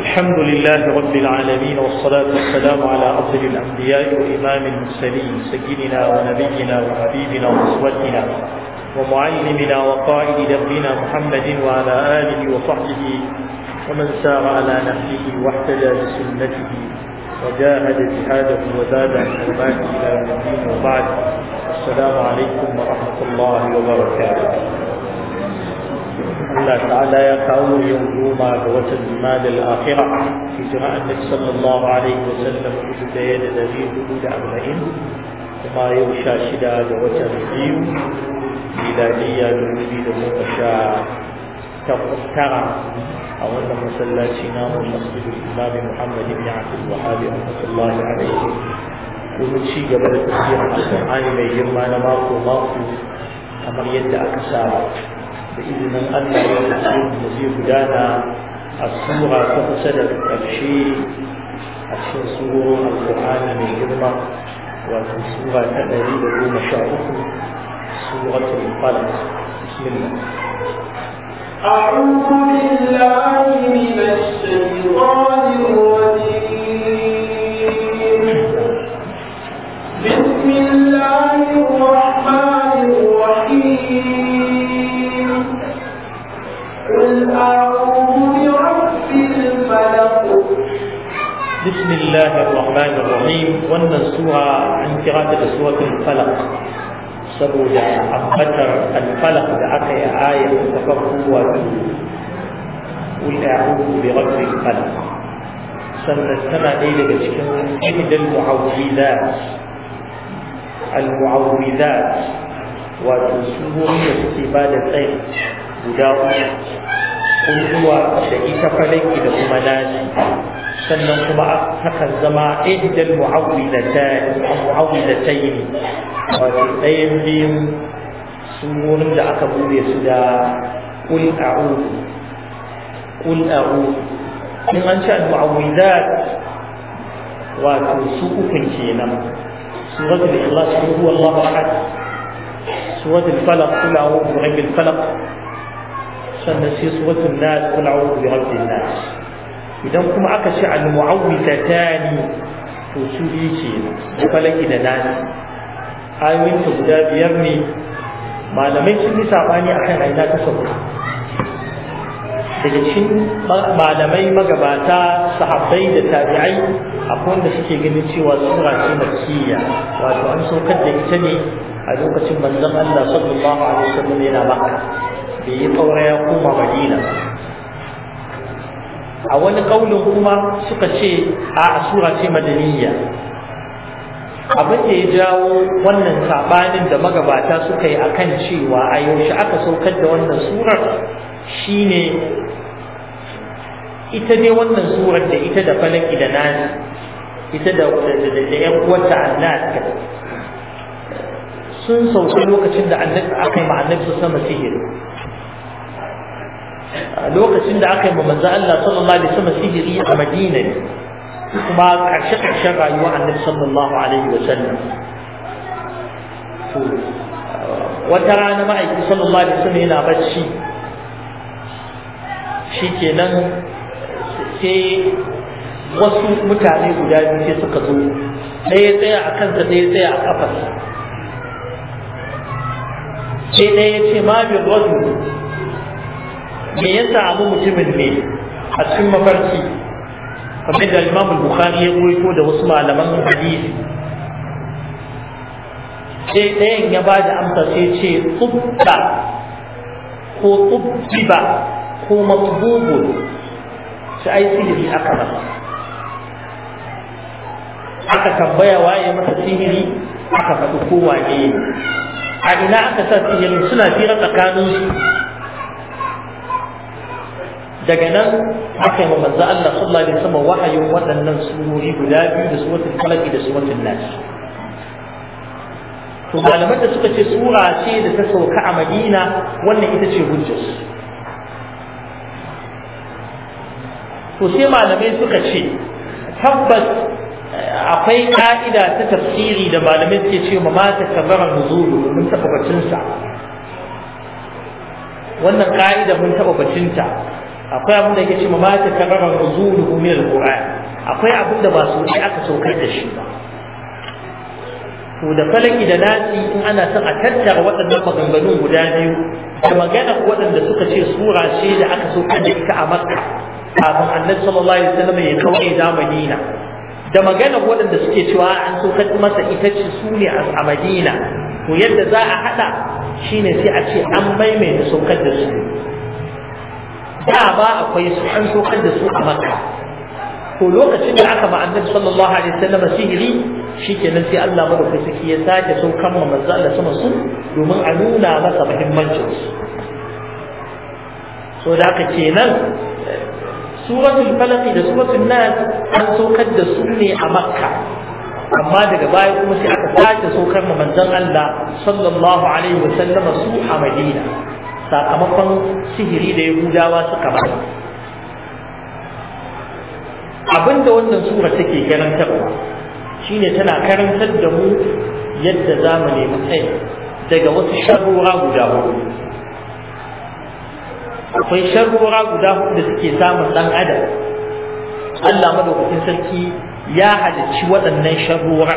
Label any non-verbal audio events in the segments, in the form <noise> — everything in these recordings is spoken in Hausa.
الحمد لله رب العالمين والصلاة والسلام على أفضل الأنبياء وإمام المرسلين سيدنا ونبينا وحبيبنا وأسوتنا ومعلمنا وقائد دربنا محمد وعلى آله وصحبه ومن سار على نهجه واهتدى بسنته وجاهد جهاده وزاد عن إلى إلى الدين وبعد السلام عليكم ورحمة الله وبركاته Allah ta'ala ya kawo yau goma ga watan da Jumadal Akhira hijira Annabi sallallahu alaihi wa sallam dubu daya da dari hudu da arba'in kuma yau sha shida da watan biyu miladiyya dubu biyu da goma sha tara a wannan masallaci namu masjidul imami Muhammad ibn Abdul Wahhab rahmatullahi alaihi domin ci gaba da tafiya a alƙur'ani mai girma na mako mako kamar yadda aka saba سيدنا الأنبياء والرسول الذي بدانا الصورة تفسدت الشيء أشهر القرآن من جرمة والصورة الأدبية بدون شعور صورة القلم بسم الله أعوذ بالله من الشيطان الرجيم بسم الله الرحمن الرحيم بسم الله الرحمن الرحيم وانا سورة عن قراءة سورة الفلق سبو دعا أبتر الفلق دعاك يا آية تفقوا قل أعوذ برب الفلق سنة سنة إلى بشكل إحدى المعوذات المعوذات وتسوري استبادتين بداوة kulhuwa da ita falaki da kuma naji sannan kuma takan zama ihdal mu'awwidatayn mu'awwidatayn wato ɗayan biyun sunonin da aka bude su da qul a'udhu qul a'udhu in an ce muawwidat wato su ukun kenan suratul ikhlas qul huwallahu ahad suratul falaq qul a'udhu bi rabbil falaq sannan sai suratul nas qul a'udhu bi nas idan kuma aka ci al mu'awwidatani to su bi ce falaki da nas ayoyin ta guda biyar ne malamai sun yi sabani akan aina ta sauka daga cikin malamai magabata sahabbai da tabi'ai akwai wanda suke ganin cewa sura ce makkiya wato an saukar da ita ne a lokacin manzon Allah sallallahu alaihi wasallam yana Makka da ya tsaura ya koma madina a wani kaunin kuma suka ce a asura ce madaniya abin da ya jawo wannan sabanin da magabata suka yi akan cewa a yaushe aka saukar da wannan surar shine ita ne wannan surar da ita da falaki da nani ita da yan uwarta annas sun sauke lokacin da annabi aka yi ma annabi sama sihiri lokacin da aka yi manzo Allah sallallahu alaihi wasallam sihiri a Madina ne kuma karshe karshen rayuwar Annabi sallallahu alaihi wasallam to wata rana ma'aiki sallallahu alaihi wasallam yana bacci shikenan sai wasu mutane guda biyu sai suka zo ɗaya tsaya a kansa ɗaya tsaya a kafarsa sai ɗaya ya ce ma bi rajul me ya samu mutumin ne a cikin mafarki kamar da Imam Bukhari ya ruwaito da wasu malaman hadisi sai ɗayan ya ba da amsa sai ce tsubta ko tsubtiba ko matsububu shi ai sihiri aka masa aka tambaya waye masa sihiri aka faɗi kowa ne a ina aka sa sihirin suna fira tsakanin daga nan aka yi wa manzo Allah sallallahu alaihi wasallam wahayin waɗannan surori guda biyu da suratul falaq da suratul nas to malaman da suka ce sura ce da ta sauka a Madina wannan ita ce hujjar to sai malamai suka ce tabbas eh, akwai ka'ida ta tafsiri da malamai suke ce ma mata kabara nuzulu mun tabbacin sa wannan ka'ida mun taɓa bacinta akwai abin da yake ce ma ta karara nuzulu min alquran akwai abin da ba su yi aka saukar da shi ba to da falaki da nasi in ana son a tattara waɗannan maganganun guda biyu da magana waɗanda suka ce sura ce da aka saukar da ita a makka kafin annabi sallallahu alaihi wasallam ya kawai zamani na da magana waɗanda suke cewa an saukar masa ita ce su ne a madina to yadda za a haɗa shine sai a ce an maimaita saukar da su da ba akwai su an sokar da su a makka to lokacin da aka ma annabi sallallahu alaihi wasallam sihiri shikenan sai Allah madaukaki saki ya sake saukan ma manzo Allah sama su domin a nuna masa muhimmancin su so da haka kenan suratul falaq da suratul nas an saukar da su ne a makka amma daga baya kuma sai aka sake saukar ma manzon Allah sallallahu alaihi wasallam su a Madina sakamakon sihiri da yahudawa suka ba abinda wannan sura take karantarwa shine tana karantar da mu yadda za mu nemi tsayi daga wasu sharrura guda hudu akwai sharrura guda hudu da suke samun dan adam Allah madaukakin sarki ya halicci waɗannan sharrura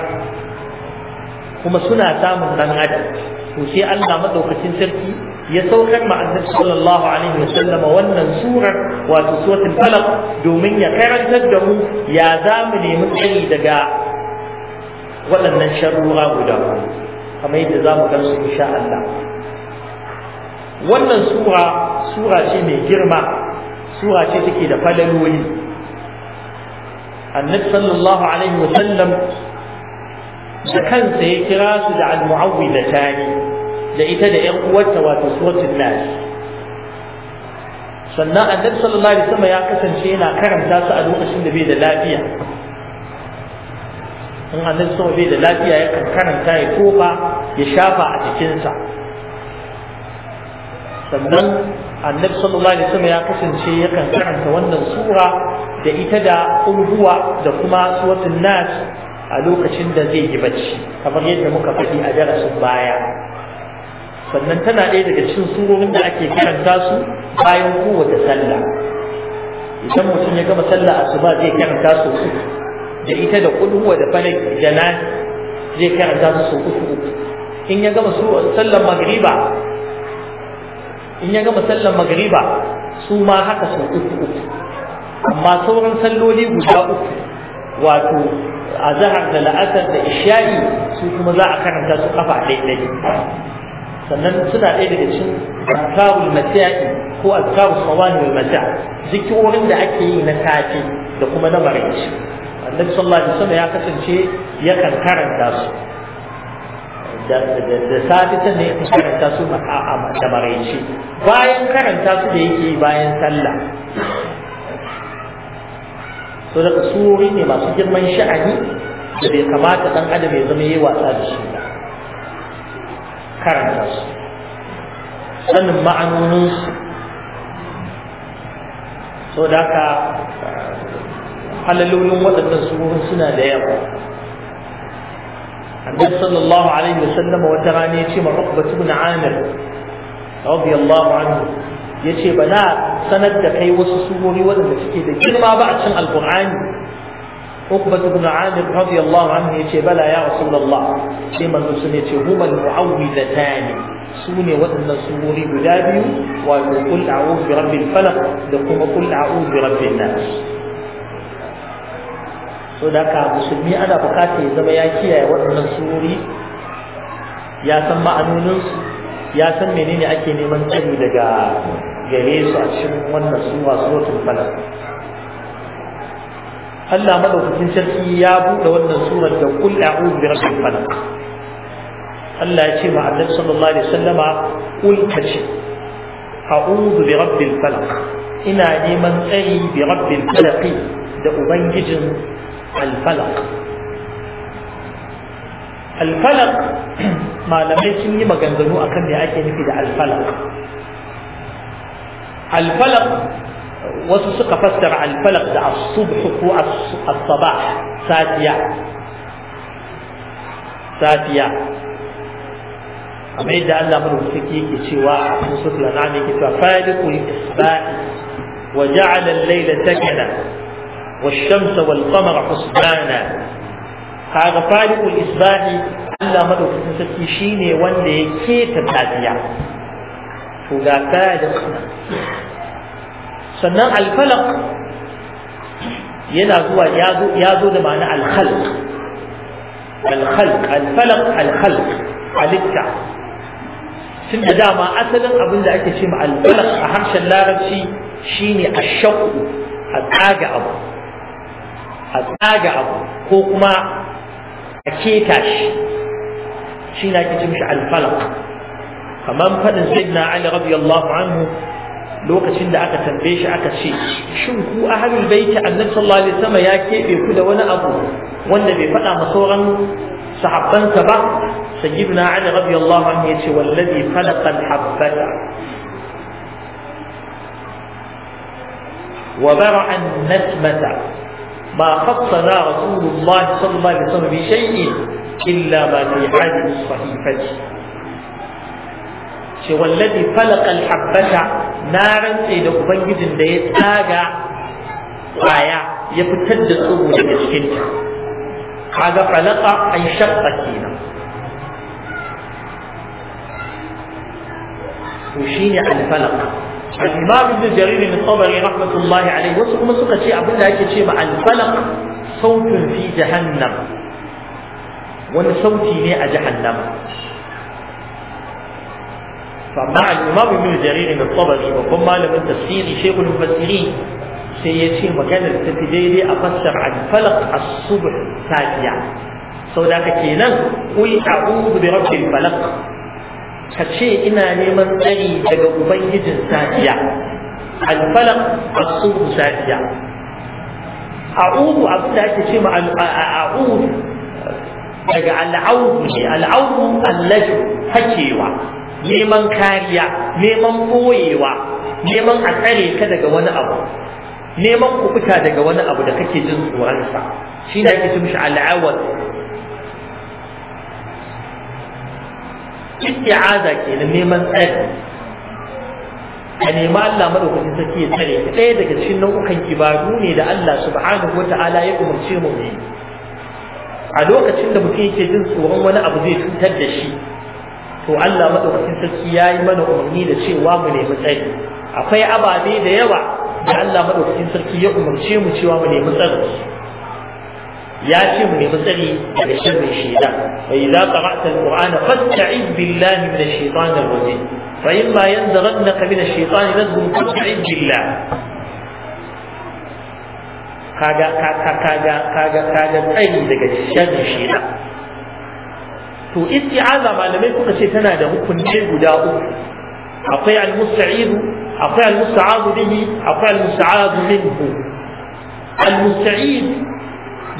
kuma suna samun ɗan adam to sai Allah madaukakin sarki ya saukar ma annabi sallallahu alaihi wasallam wannan surar wato suratul falaq domin ya karantar da mu ya za mu nemi tsayi daga waɗannan sharrura guda kamar yadda za mu gan su insha Allah wannan sura sura ce mai girma sura ce take da falaloli annabi sallallahu alaihi wasallam da kansa ya kira su da al-mu'awwidatani da ita da ƴan uwarta wato suratul nas sannan annabi sallallahu alaihi wasallam ya kasance yana karanta su a lokacin da bai da lafiya in annabi sama bai da lafiya ya karanta ya tofa ya shafa a jikinsa sannan annabi sallallahu alaihi wasallam ya kasance yakan karanta wannan sura da ita da ulhuwa da kuma suratul nas a lokacin da zai yi bacci kamar yadda muka faɗi a darasin baya sannan tana ɗaya daga cikin surorin da ake karanta su bayan kowace sallah idan mutum ya gama sallah asuba zai karanta su uku da ita da kulhuwa da falak da nan zai karanta su uku uku in ya gama sallar magriba in ya gama sallar magriba su ma haka su uku uku amma sauran salloli guda uku wato azahar da la'asar da isha'i su kuma za a karanta su kafa daidai sannan suna ɗaya daga cikin azkarul mata'i ko azkarul sawani wal mata' zikirorin da ake yi na safe da kuma na maraice annabi sallallahu alaihi wasallam ya kasance yakan karanta su da safe ta ne yakan karanta su da maraice bayan karanta su da yake bayan sallah to daga surori ne masu girman sha'ani da bai kamata dan adam ya zama yayi wasa da shi ba karanta su sanin ma'anonin su to da ka halalolin waɗannan surorin suna da yawa النبي صلى الله عليه وسلم وتراني شيما عقبة بن عامر رضي الله عنه yace bana sanar da kai wasu sunori waɗanda suke da girma ba a cikin alqur'ani Uqbat ibn Amir radiyallahu anhu yace bala ya Rasulullah ce manzo sun yace huma al-mu'awwidatan sune wadannan sunori guda biyu wa qul a'udhu bi da kuma qul a'udhu bi so da musulmi ana bukata ya zama ya kiyaye wadannan sunori ya san ma'anonin su ya san menene ake neman tsari daga gare su a cikin wannan sura suratul falaq Allah madaukakin sarki ya buɗe wannan surar da kul a'udhu bi falaq Allah ya ce ma Annabi sallallahu alaihi wasallama kul kace a'udhu bi falaq ina neman tsari bi rabbil falaq da ubangijin al falaq al falaq malamai sun yi maganganu akan me ake nufi da al-falaq al-falaq wasu suka fassara al-falaq da as-subh ko as-sabah safiya safiya amma idan Allah mun madaukaki yake cewa a suratul an'am ke cewa faliqul isba'i wa ja'ala al-layla sakana ash shamsa wal-qamara husbana kaga faliqul isba'i Allah madaukakin sarki shine wanda ya keta tafiya to ga da sannan alfalak yana zuwa ya zo da ma'ana alkhalq alkhalq alfalak alkhalq halitta tun da dama asalin abin da ake ce ma alfalak a harshen larabci shine ashaqqu a tsaga abu a tsaga abu ko kuma a keta shi shi na ake mishi alfala kamar faɗin sayyidina ali radiyallahu anhu lokacin da aka tambaye shi aka ce shin ku ahlul baiti annabi sallallahu alaihi wasallam ya kebe ku da wani abu wanda bai faɗa ma sauran sahabbansa ba sayyidina ali radiyallahu anhu ya ce wallazi khalaqa al-habbata وبرع النسمة ما خصنا رسول الله صلى الله عليه وسلم بشيء إلا ما في عين الصحيفة شو الذي فلق الحبة نارا إذا أبنج جندي تاجا آية يبتد صوب المسكين هذا فلق أي شقة كينا وشيني عن فلق الإمام ابن جرير الطبري رحمة الله عليه وسلم سكت شيء أبو الله كشيء عن فلق صوت في جهنم wani sauti ne a jahannama فمع الإمام ابن جرير الطبري وكم مالك التفسير شيخ المفسرين سيأتي مكان التفسير أفسر عن فلق الصبح ساجيا سوداك كينا قل أعوذ برب الفلق كشي إنا لمن تري دقا أبيج ساجيا الفلق الصبح ساجيا أعوذ أبتاك شيء أعوذ daga al'audu ne al'audu allaju hakewa neman kariya neman boyewa neman a tsare ka daga wani abu neman kubuta daga wani abu da kake jin tsoronsa shi ne ake shi al'awad isti'aza da neman tsari a nema Allah madaukakin sarki ya tsare ɗaya daga cikin nau'ukan kibaru ne da Allah subhanahu wa ta'ala ya umarce mu ne a lokacin da mutum yake jin tsoron wani abu zai cutar da shi to Allah madaukakin sarki ya mana umarni da cewa mu nemi tsari akwai ababe da yawa da Allah madaukakin sarki ya umarce mu cewa mu nemi tsari ya ce mu nemi tsari daga sharrin shaitan wa idza qara'ta al-qur'ana fasta'iz billahi min ash rajim fa imma yanzaghannaka min ash-shaytani fasta'iz billah kaga kaga kaga kaga kaga tsayin daga shan shi shaitan to isti'aza malamai kuka ce tana da hukunci guda uku akwai al-musta'idu akwai al-musta'adu bihi akwai al-musta'adu minhu al-musta'id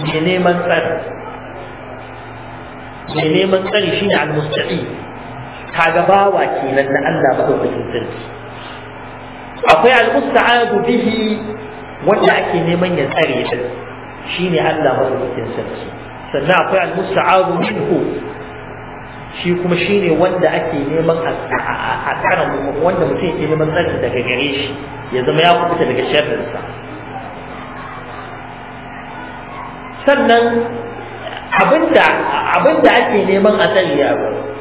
ne neman tsari ne neman tsari shine al-musta'id kaga bawa kenan na Allah madaukakin sarki akwai al-musta'adu bihi wanda ake neman ya tsare shi shine Allah madaukakin sarki sannan akwai al-musta'adu minhu shi kuma shine wanda ake neman a tsara wanda mutum yake neman tsari daga gare shi ya zama ya kubuta daga sharrinsa sannan abinda abinda ake neman a tsari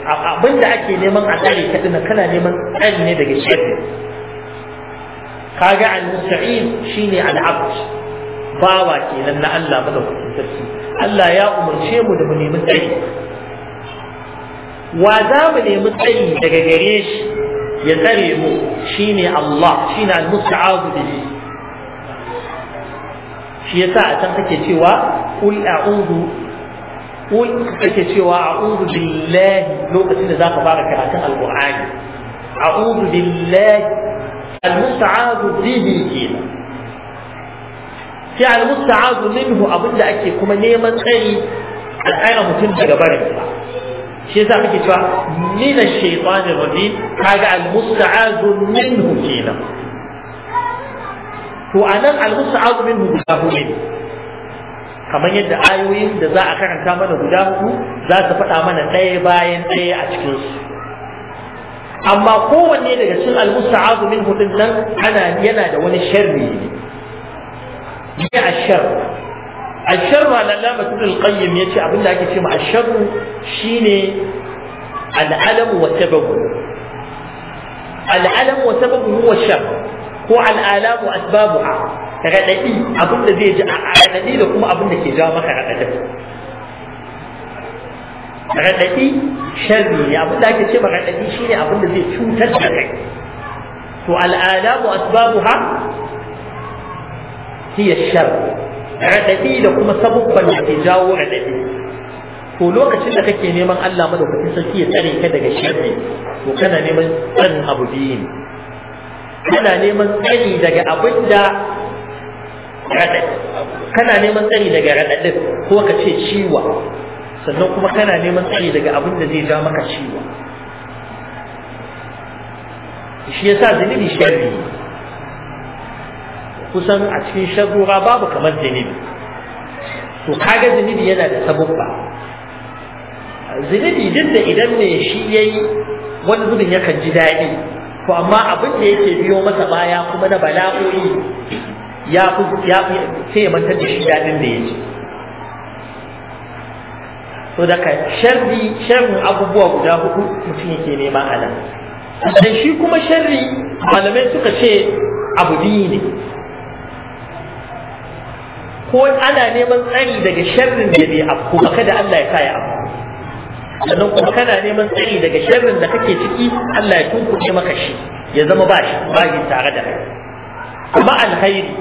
abinda ake neman a tsari kadina kana neman tsari ne daga sharri kaga al-musta'in shine al-abd bawa kenan na Allah madaukakin sarki Allah ya umarce mu da mu nemi tsari wa za mu nemi tsari daga gare shi ya tsare mu shine Allah shine al-musta'adu bihi shi yasa a can kake cewa qul a'udhu قل كتشوى أعوذ بالله لو بس al-musta'adu bihi kenan sai al-musta'adu minhu abinda ake kuma neman tsari a tsaya mutum daga barin sa shi yasa muke cewa min ash-shaytanir rajim kaga al-musta'adu minhu kenan to guda kamar yadda ayoyin da za a karanta mana guda hudu za su faɗa mana ɗaya bayan ɗaya a cikinsu amma kowanne daga cikin al-musta'adu min hudun nan ana yana da wani sharri ne ya ashar ashar ma lalama tudul qayyim yace abin da ake ce ma ashar shine al wa sababu al wa sababu huwa shar ko al-alam wa asbabuha radadi abin da zai ji a radadi da kuma abin da ke jawo maka radadi raɗaɗi sharri ne abin da ake ce ma raɗaɗi shi ne abin da zai cutar da kai to al'adabu asbabuha hiya shar raɗaɗi da kuma sabubban da ke jawo raɗaɗi to lokacin da kake neman Allah madaukakin sarki ya tsare ka daga sharri to kana neman tsarin abu biyu ne kana neman tsari daga abin da raɗaɗi kana neman tsari daga raɗaɗin ko ka ce ciwa sannan kuma kana neman tsayi daga abin da zai ja maka ciwo shi ya sa zunubi sharri kusan a cikin shagora babu kamar zunubi to kaga zunubi yana da sabubba zunubi duk da idan mai shi ya yi, wani gudun yakan ji daɗi ko amma abin da yake biyo masa baya kuma na bala'o'i ya fi sai ya mantar da shi daɗin da ya ji. to daga sharri sharrin abubuwa guda hudu mutum yake nema a nan da shi kuma sharri malamai suka ce abu biyu ne ko ana neman tsari daga sharrin da bai afku ba kada Allah ya sa ya sannan kuma kana neman tsari daga sharrin da kake ciki Allah ya tunkuɗe maka shi ya zama ba shi ba shi tare da kai amma alkhairi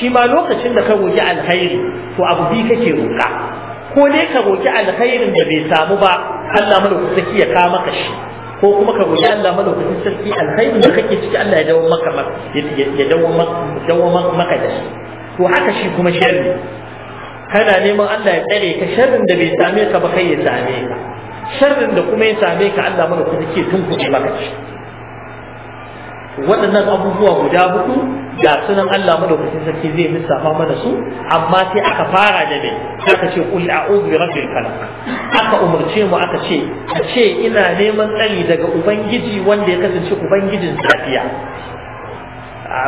shi ma lokacin da ka roƙi alkhairi to abu biyu kake roƙa ko dai ka roki alkhairin da bai samu ba Allah madaukakin sarki ya ka maka shi ko kuma ka roki Allah madaukakin sarki alkhairin da kake ciki Allah ya dawo maka ya dawo maka dawo maka da shi to haka shi kuma sharri kana neman Allah ya tsare ka sharrin da bai same ka ba kai ya same ka sharrin da kuma ya same ka Allah madaukakin sarki ya tunkuɗe maka shi waɗannan abubuwa guda hudu da sunan Allah madaukakin sarki zai lissafa mana su amma sai aka fara da me aka ce qul a'udhu bi rabbil falaq aka umarce mu aka ce a ce ina neman tsari daga ubangiji wanda ya kasance ubangijin safiya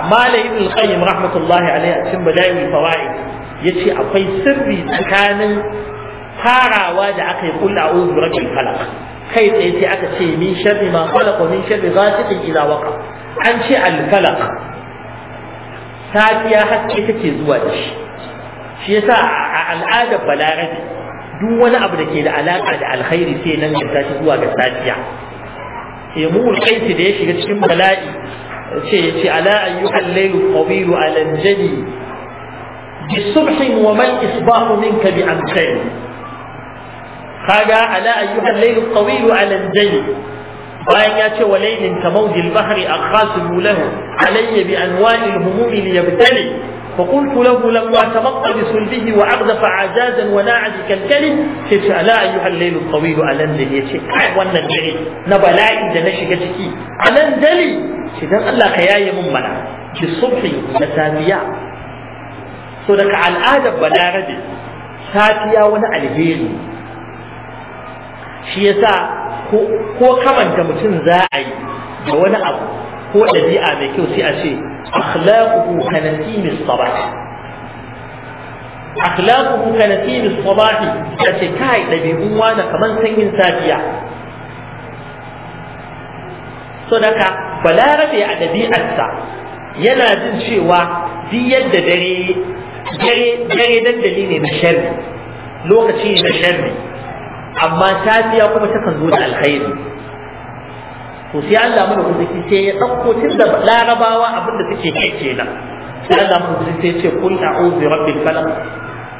malam ibn qayyim rahmatullahi alaihi a cikin badawi fawaid yace akwai sirri tsakanin farawa da aka yi qul a'udhu bi rabbil falaq kai tsaye sai aka ce min sharri ma khalaq wa min sharri ghasiqin idza waqa an ce alfalak safiya haske take zuwa da shi shi yasa a al'adar balarabe duk wani abu da ke da alaka da alkhairi sai nan ya tashi zuwa ga safiya sai mu kaisi da ya shiga cikin bala'i ce ya ce ala ayyuhal laylu qawilu ala anjani bi subhin wa man isbahu minka bi amsani kaga ala ayyuhal laylu qawilu ala anjani bayan ya ce walailin ka mawjil bahri akhasu lahu alayya bi anwa'il humumi liyabtali فقلت له لما تمطى بسلبه واقذف عجازا وناعج كالكلب كيف لا ايها الليل الطويل على الليل شيخ اي وانا الدلي نبلائي ده نشيك تكي انا الدلي شيخ الله كياي من ملا في الصبح مسافيا صدق على الادب بلاغبي ردي ساتيا الهيري shi yasa ko kamanta mutum za a yi da wani abu ko ɗabi'a mai kyau sai a ce akhlaquhu kanatimi sabah akhlaquhu kanatimi sabah a ce kai ɗabi'un wani kamar sanyin safiya so daga balarabe a ɗabi'arsa yana jin cewa duk da dare dare dandali ne na sharri lokaci ne na sharri amma safiya kuma takan zo da alkhairi to sai Allah mu da sai ya dauko tun da larabawa abin da take ke kenan sai Allah mu da sai ce kun a'udhu bi rabbil falaq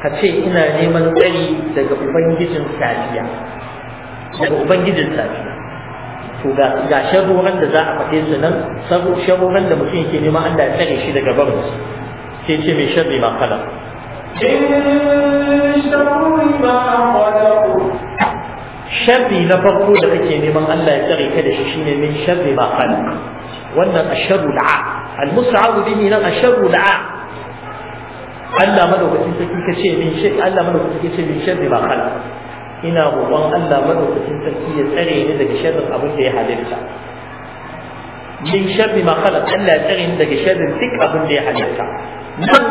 ka ce ina neman tsari daga ubangijin safiya daga ubangijin safiya to ga ga sharuran da za a faɗe su nan sabo sharuran da mutum yake nema, Allah ya tsare shi daga barin su sai ce mai sharri ma kala in sharri ma kala sharri na farko da kake neman Allah ya tsare ka da shi shine min sharri ma khalaq wannan asharru da'a al-musta'adu bihi nan asharru da'a Allah madaukakin sarki kace min sharri Allah madaukakin kace min sharri ma khalaq ina roƙon Allah madaukakin sarki ya tsare ni daga sharrin abin da ya halitta min sharri ma khalaq Allah ya tsare ni daga sharrin duk abin da ya halitta nan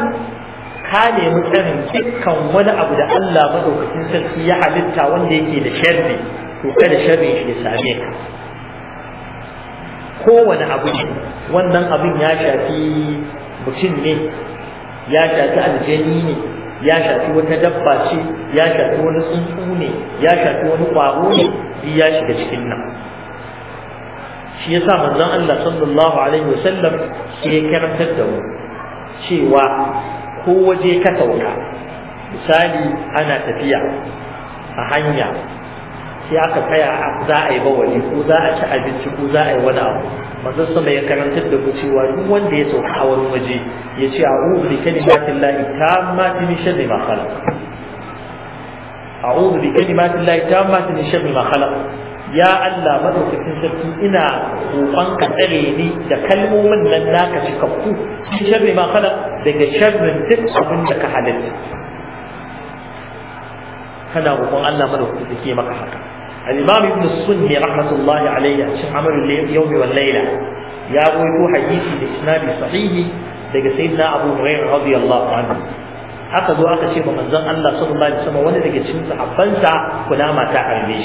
ka nemi tsarin dukkan wani abu da Allah madaukakin sarki ya halitta wanda yake da sharri to kada sharri shi ya same ka kowane abu ne wannan abin ya shafi mutum ne ya shafi aljani ne ya shafi wata dabba ce ya shafi wani tsuntsu ne ya shafi wani ƙwaro ne duk ya shiga cikin nan shi yasa manzon Allah sallallahu alaihi wasallam sai ya karantar da mu cewa ko waje ka sauka misali ana tafiya a hanya sai aka tsaya za a yi bawali ko za a ci abinci ko za a yi wani abu manzon sama ya karantar da ku cewa duk wanda ya sauka a wani waje ya ce a'udhu bi kalimatin lahi tammatin min sharri ma khalaq a'udhu bi kalimatin lahi tammatin min sharri ma khalaq يا الله ما تكفي سبتي إنا وقن كتريني تكلموا من لنا كشكفو شر ما خلق دك شر من تك من دك حلل كنا وقن الله ما تكفي سبتي ما كحك الإمام ابن السني رحمة الله عليه شف عمل اليوم والليلة يا أبو يكو حديث الإسناد صحيح دك سيدنا أبو هريرة رضي الله عنه هكذا أكثر من ذن الله صلى الله عليه وسلم ولدك شمس حفنسا كلاما تعلمش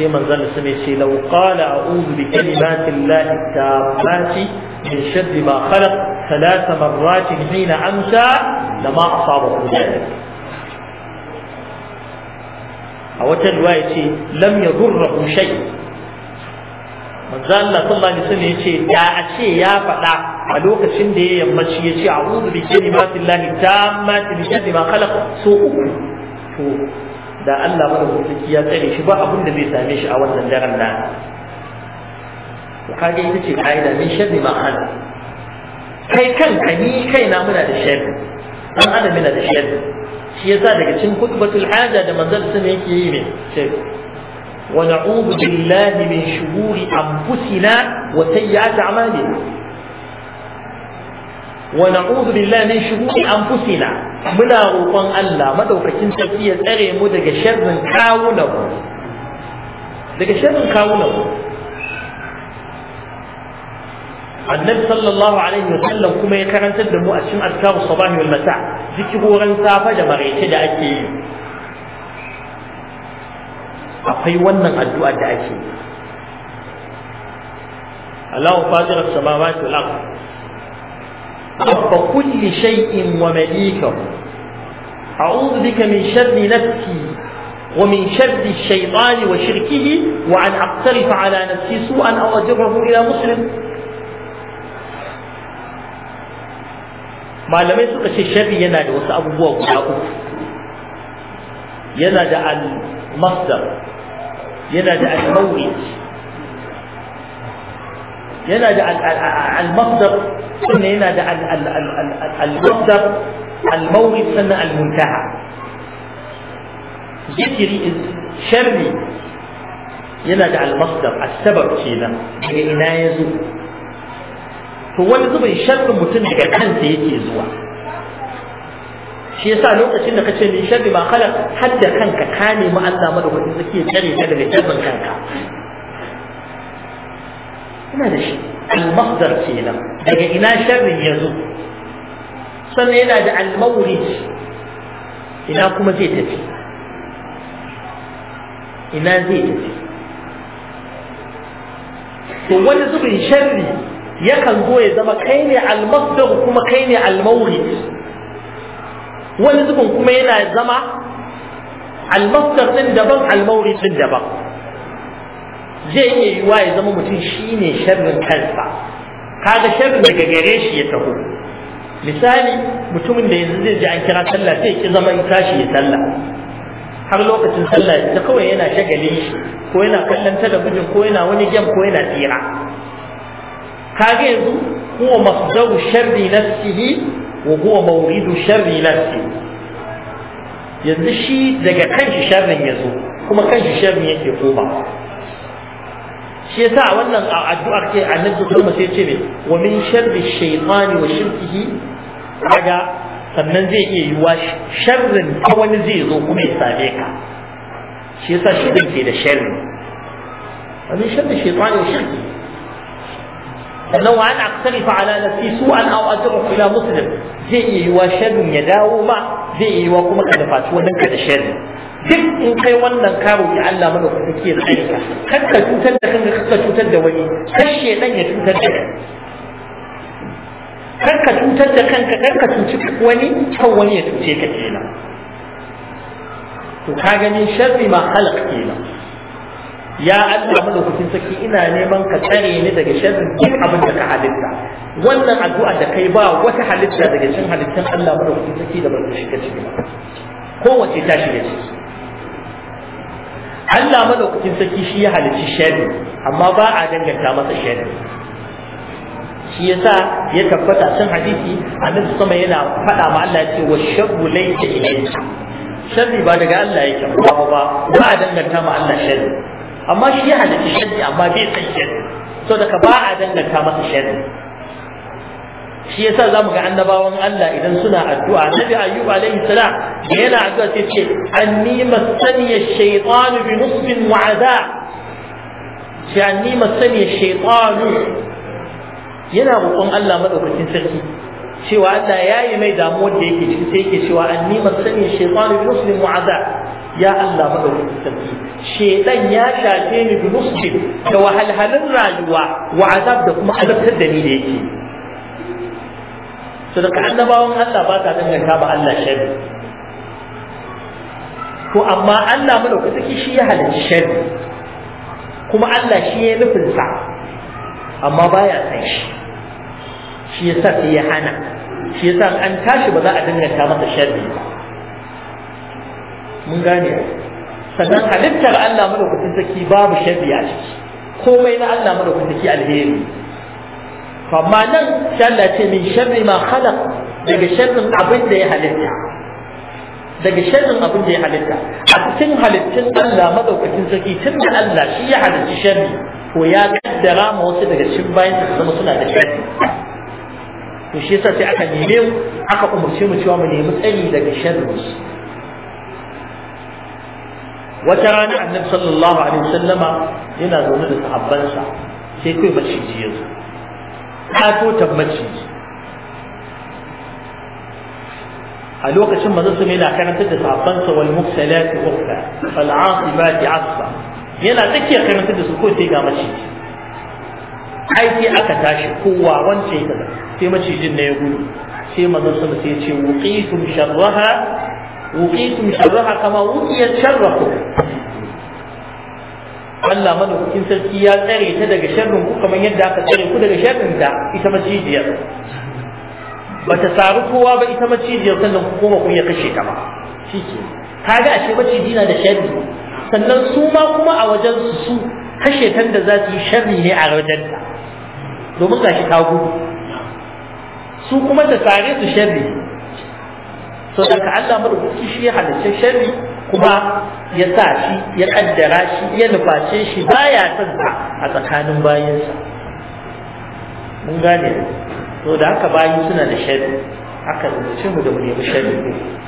sai manzon su mai ce law qala a'udhu bi kalimati llahi tammati min sharri ma khalaq thalath marrat hina amsa lama asabahu dhalik a wata riwaya ce lam yadurruhu shay manzo Allah sallallahu alaihi wasallam ce da a ce ya faɗa a lokacin da ya yammaci yace a'udhu bi kalimati llahi tammati min sharri ma khalaq so uku to da Allah madaukakin ya tsare shi ba abin da zai same shi a wannan daren nan kage ita ce kaida min sharri ma kai kanka ni kaina muna da sharri dan adam yana da sharri shi yasa daga cikin khutbatul haja da manzon sun yake yi ne sharri wa na'udhu billahi min shururi anfusina wa sayyi'ati a'malina wa na'udhu billahi min shururi anfusina muna roƙon Allah madaukakin sarki ya tsare mu daga sharrin kawuna mu daga sharrin kawuna mu annabi sallallahu alaihi wasallam kuma ya karantar da mu a cikin azkaru sabahi wal mata zikiroran safa da maraice da ake yi akwai wannan addu'a da ake yi Allahu fatir samawati wal ardh رب كل شيء ومليكه أعوذ بك من شر نفسي ومن شر الشيطان وشركه وأن أقترف على نفسي سوءا أو أجره إلى مسلم ما لم يسوء الشر ينال وسأبوه وسأبوه ينادى المصدر ينال المورد ينادى المصدر sannan yana da al-mabdar al-mawrid sannan al-muntaha zikiri sharri yana da al a as-sabab kenan daga ina ya zo to wani zubin sharrin mutum daga kansa yake zuwa shi yasa lokacin da kace min sharri ma khalaq hadda kanka ka nemi Allah madaukakin sarki ya tare ka daga sharrin kanka ina da shi al kenan daga ina sharrin ya zo sannan yana da al ina kuma zai tafi ina zai tafi to wani zubin sharri yakan zo ya zama kai ne al kuma kai ne al wani zubin kuma yana zama al din daban al din daban zai iya yiwa ya zama mutum shi ne sharrin kansa kaga sharrin daga gare shi ya taho misali mutumin da yanzu zai ji an kira sallah sai ki zaman tashi ya sallah har lokacin sallah ya kawai yana shagali ko yana kallon talabijin ko yana wani gem ko yana tsira kaga yanzu huwa masdaru sharri nafsihi wa huwa mawridu sharri nafsihi yanzu shi daga kanshi sharrin yazo kuma kanshi sharrin yake koma shi yasa wannan addu'ar ce annabi sallallahu alaihi wasallam sai ce me wa min sharri shaytani wa shirkihi kaga sannan zai iya yiwa sharrin ta wani zai zo kuma ya same ka shi yasa shi ke da sharri wa min sharri shaytani wa shirkihi sannan wa ana aktarifa ala nafsi su'an aw ajruhu ila muslim zai iya yiwa sharrin ya dawo ma zai iya yiwa kuma ka dafaci wannan ka da sharrin duk in kai wannan karo ya Allah mana ku take da aika kar ka cutar da kanka kar ka cutar da wani kar shedan ya cutar da kai kar ka cutar da kanka kar ka cuci wani kan wani ya cuce ka kenan to ka gani sharri ma khalaq kenan ya Allah madaukakin saki ina neman ka tsare ni daga sharrin duk abin da ka halitta wannan addu'a da kai ba wata halitta daga cikin halittun Allah madaukakin saki da ba ta shiga ciki ba kowace ta shiga ciki Allah madaukakin sarki shi ya halicci shari amma ba a danganta masa shari shi ya sa ya tabbata cin hadisi a annabi sama yana faɗa ma Allah ce wa sharru laysa ilayka sharri ba daga Allah yake ba ba ba a danganta ma Allah shari amma shi ya halicci shari amma bai san shari so daga ba a danganta masa shari shi yasa mu ga annabawan Allah idan suna addu'a Nabi Ayyub alaihi salam Da yana addu'a sai ce anni masani ash-shaytan bi nusbin wa adha shi anni masani shaytan yana roƙon Allah madaukakin sarki cewa Allah ya yi mai damuwar da yake cikin sai yake cewa anni masani ash-shaytan bi nusbin wa ya Allah madaukakin sarki shedan ya shafe ni bi nusbin da wahalhalin rayuwa wa da kuma azabtar da ni da yake so daga annabawan Allah ba ta danganta ba Allah shari to amma Allah saki shi ya halarci shari kuma Allah shi ya nufin sa amma ba ya san shi shi yasa sai ya hana shi ya sa an tashi ba za a danganta masa sharri ba mun gane sannan halittar Allah madaukakin saki babu sharri a ciki komai na Allah madaukakin saki alheri amma nan Allah ce min sharri ma khalaq daga sharrin abin da ya halitta daga sharrin abin da ya halitta a cikin halittun Allah madaukakin sarki tun da Allah shi ya halitta sharri to ya kaddara ma wasu daga cikin bayan da zama suna da sharri to shi yasa sai aka neme mu aka umarce mu cewa mu nemi tsari daga sharri wata rana annabi sallallahu alaihi wasallama yana zaune da sahabbansa sai kai bacci ji yanzu katotan maciji a lokacin manzo sun yana karantar da sahabbansa wal muksalati ukhra fal asibati asfa yana take karantar da su ko sai ga maciji aiki sai aka tashi kowa wance ya kaza sai macijin ne ya gudu sai manzo sun sai ya ce wuqitum sharraha wuqitum sharraha kama wuqiyat sharrakum Allah madaukakin sarki ya tsare ta daga sharrin ku kamar yadda aka tsare ku daga sharrin ta ita macijiyar bata saru kowa ba ita macijiyar sannan ku koma kun ya kashe ta ba shike kaga ashe maciji na da sharri sannan su ma kuma a wajen su kashe tan da za su yi sharri ne a wajen ta domin gashi ta gudu su kuma da sare su sharri so daga Allah madaukakin shi ya halarci sharri kuma ya sa shi ya kaddara shi ya nuface shi baya son sa a tsakanin bayansa mun gane to da haka bayi suna da shari haka ce mu da mu nemi shari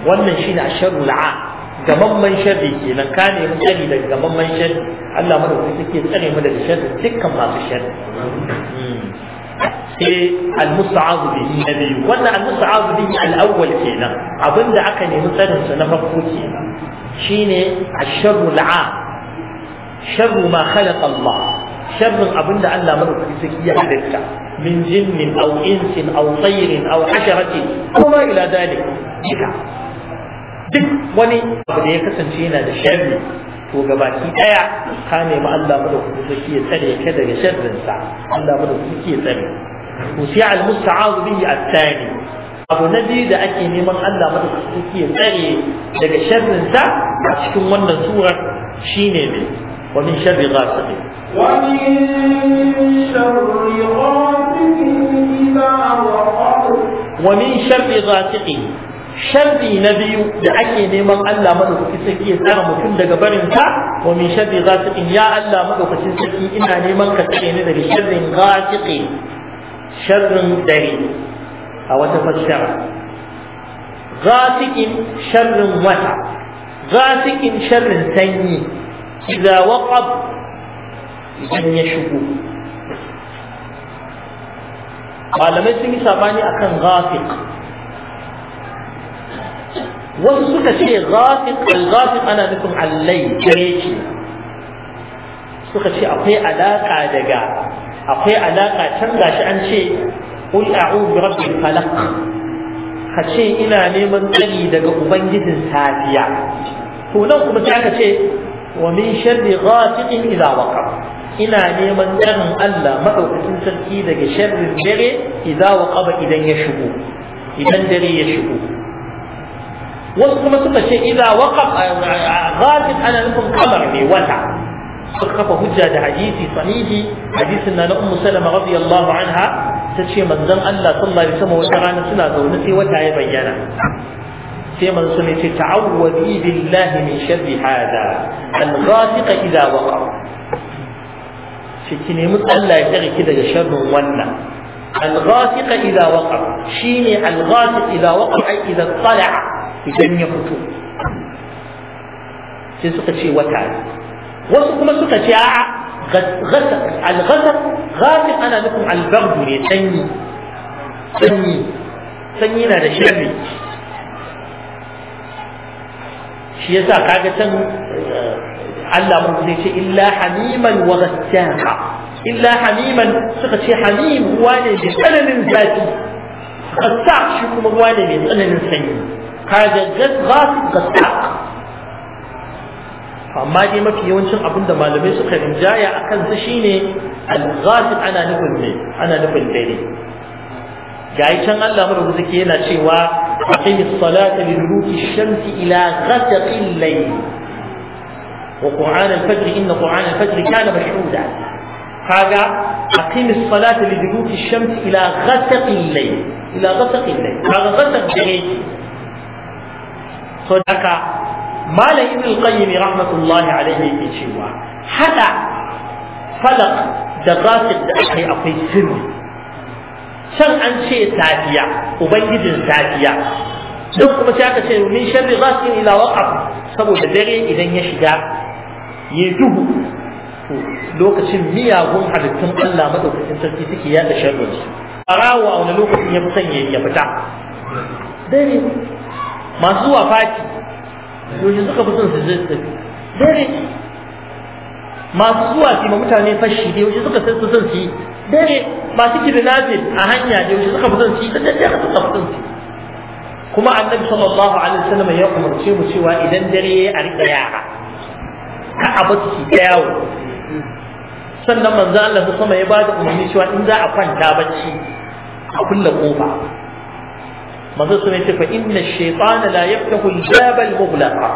wannan shine asharul a gamamman sharri kenan ka ne mu tsari daga gamamman shari Allah madaukakin take tsare mu daga shari dukkan masu shari hmm. sai al-musta'azu na biyu wannan al-musta'azu bihi kenan abinda aka nemi tsarin sa na farko kenan shine asharru al sharru ma khalaqa Allah sharrin abinda Allah madaukaki sai ya halitta min jinnin aw insin aw tayrin aw hasharatin kuma ila dalik duk wani abu da ya kasance yana da sharri to gabaki daya ka nemi Allah madaukakin sarki ya tsare ka daga sharrin sa Allah madaukakin sarki ya tsare to sai al musta'az bihi at-tani abu na biyu da ake neman Allah madaukakin sarki ya tsare daga sharrin sa a cikin wannan surar shine ne wa min sharri ghasiqin wa min sharri ghasiqin idza waqab wa min sharri ghasiqin sharri na biyu da ake neman Allah madaukakin saki ya tsara mutum daga barin ta wa min su in, ya Allah madaukakin saki ina neman ka tsare ni daga sharrin ghasiqi sharrin dare a wata fassara ghasiqin sharrin wata ghasiqin sharrin sanyi idza waqab idan ya shigo malamai sun yi sabani akan ghafiq wasu suka ce zafin al-ghafiq ana nufin allai dare ce suka ce akwai alaka daga akwai alaka can gashi an ce qul a'udhu birabbil falaq ka ce ina neman tsari daga ubangijin safiya to nan kuma sai aka ce wa min sharri ghasiqin idza waqa ina neman tsarin Allah madaukakin sarki daga sharrin dare idza waqa idan ya shigo idan dare ya shigo وثم كل شيء اذا وقف غالب آه، انا لكم قمر لي ولع وقف هجة حديث صحيح حديث ان ام سلمة رضي الله عنها تشي من ذن الله صلى الله عليه وسلم وترانا سنة ونسي وتعي يبينا في من ذن تعوذي بالله من شر هذا الغاسق اذا وقف شكيني من الله يتغي كده شر ونا الغاسق اذا وقف شيني الغاسق اذا وقف اي اذا طلع idan ya fito sai suka ce wata ne wasu kuma suka ce a'a al-ghasaq ghasaq ana nufin al-bardu ne sanyi sanyi sanyi na da sharri shi yasa kaga can Allah mun zai ce illa hamiman wa ghassaqa illa hamiman suka ce hamim ruwa ne mai tsananin zafi ghassaq shi kuma ruwa ne mai tsananin sanyi kaga gasgasi gasgasi amma dai mafi yawancin abin da malamai suka rinjaya a kansa shine al-ghasib ana nufin me ana nufin dare gayi can Allah mu rubuta ke yana cewa aqimis salata li duluki shamsi ila ghasaqil layl wa qur'an al-fajr inna qur'an al-fajr kana mashhuda kaga aqimis salata li duluki shamsi ila ghasaqil layl ila ghasaqil layl kaga ghasaq dare sadaka malam ibn al-qayyim rahmatullahi alaihi yake cewa hada falak da ghasib da yi akwai sirri can an ce safiya ubangijin safiya duk kuma sai aka ce min sharri ghasin ila waqaf saboda dare idan ya shiga ya duhu lokacin miyagun halittun Allah madaukakin sarki suke yada sharrin su a rawa a wani lokacin ya fi son ya fita dare masu zuwa fati yaushe suka fi son su zai su dare masu zuwa su ma mutane fashi da yaushe suka fi son su yi dare masu kirinafin a hanya da yaushe suka fi son su yi da dare suka fi son su kuma annabi sallallahu alaihi wasallam ya umarce mu cewa idan dare a riƙe yara ka abatu su ta yawo sannan manzo Allah sama ya ba da umarni cewa in za a kwanta bacci a kulle kofa manzo sun yace fa inna shaytana la yaftahu al-bab al-mughlaqa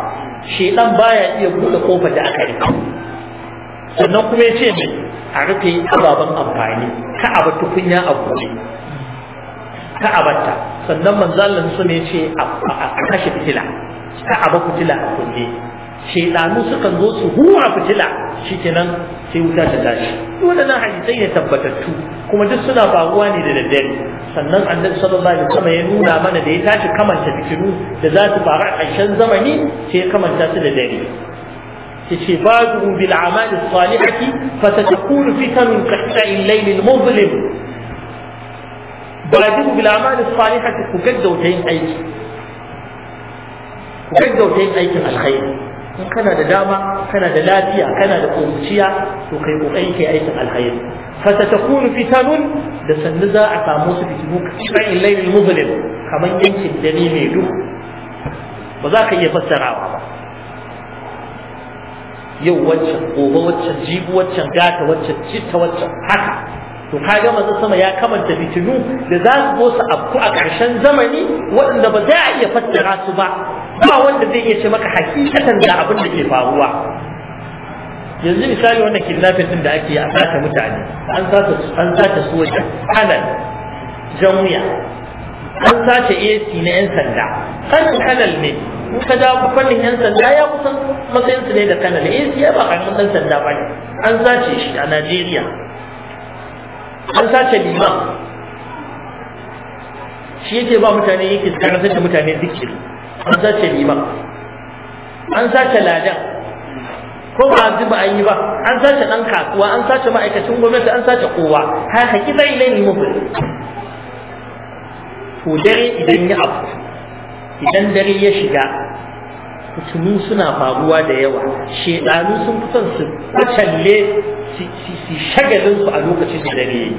shaytan baya iya buɗe kofar da aka rufe sannan kuma yace me a rufe ababan amfani ka aba tukunya a gobe ka abata sannan manzo Allah sun yace a kashe fitila ka aba fitila a kunne shaidanu sukan zo su hura fitila shikenan sai wuta ta tashi waɗannan hadisai ne tabbatattu kuma duk suna faruwa ne da daddare sannan annabi sallallahu alaihi wasallam ya nuna mana da ya tashi kamanta fitilu da za su faru a ƙarshen zamani sai ya kamanta su da dare yace badu bil a'mal as-salihati fatatakunu fitanun kahta'il layl al-muzlim badu bil a'mal as-salihati ku gaggauta yin aiki ku gaggauta yin aikin alkhairi in kana da dama kana da lafiya kana da kuruciya to kai kokari kai aikin alkhairi fatatakunu fitanun da sannu za a samu su fitinu kan layin muzlim kamar yankin dare mai duhu ba za ka iya fassarawa ba yau waccan gobe waccan jibi waccan gata waccan citta waccan haka to ka ga manzo sama ya kamanta fitinu da za su zo su afku a ƙarshen zamani waɗanda ba za a iya fassara su ba ba wanda zai iya ce maka hakikatan da abin da ke faruwa yanzu misali wannan kidnapping din da ake a sata mutane an sata an sata soja halal jamuya an sata AC na yan sanda kan kanal ne in ka dawo fannin yan sanda ya kusan matsayin su ne da kanal AC ya ba karamin dan sanda bane an sace shi a Najeriya an sace liman shi yake ba mutane yake karantar da mutane zikiri an sace liman an sace ladan ko ba zuba an yi ba an sace dan kasuwa an sace ma'aikacin gwamnati an sace kowa ha haƙi zai ilai mubin to dare idan ya abu idan dare ya shiga mutumin suna faruwa da yawa shaidanu sun fi son su kacalle su shagalin a lokacin da dare yi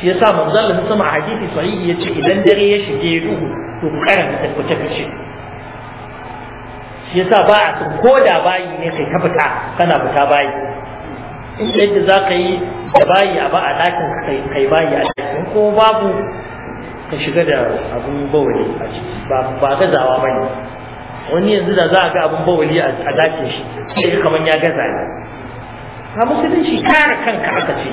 shi yasa manzon Allah sama a hadisi sahihi yace idan dare ya shige duhu to ku karanta tabbata kace shi yasa ba a san ko da bayi ne kai ka fita kana fita bayi in yadda za ka yi da bayi a ba a ɗakin kai bayi a cikin ko babu ka shiga da abun bawali a ciki ba gazawa ba ne wani yanzu da za a ga abun bawali a ɗakin shi sai kamar ya gaza ne a musulunci kare kanka aka ce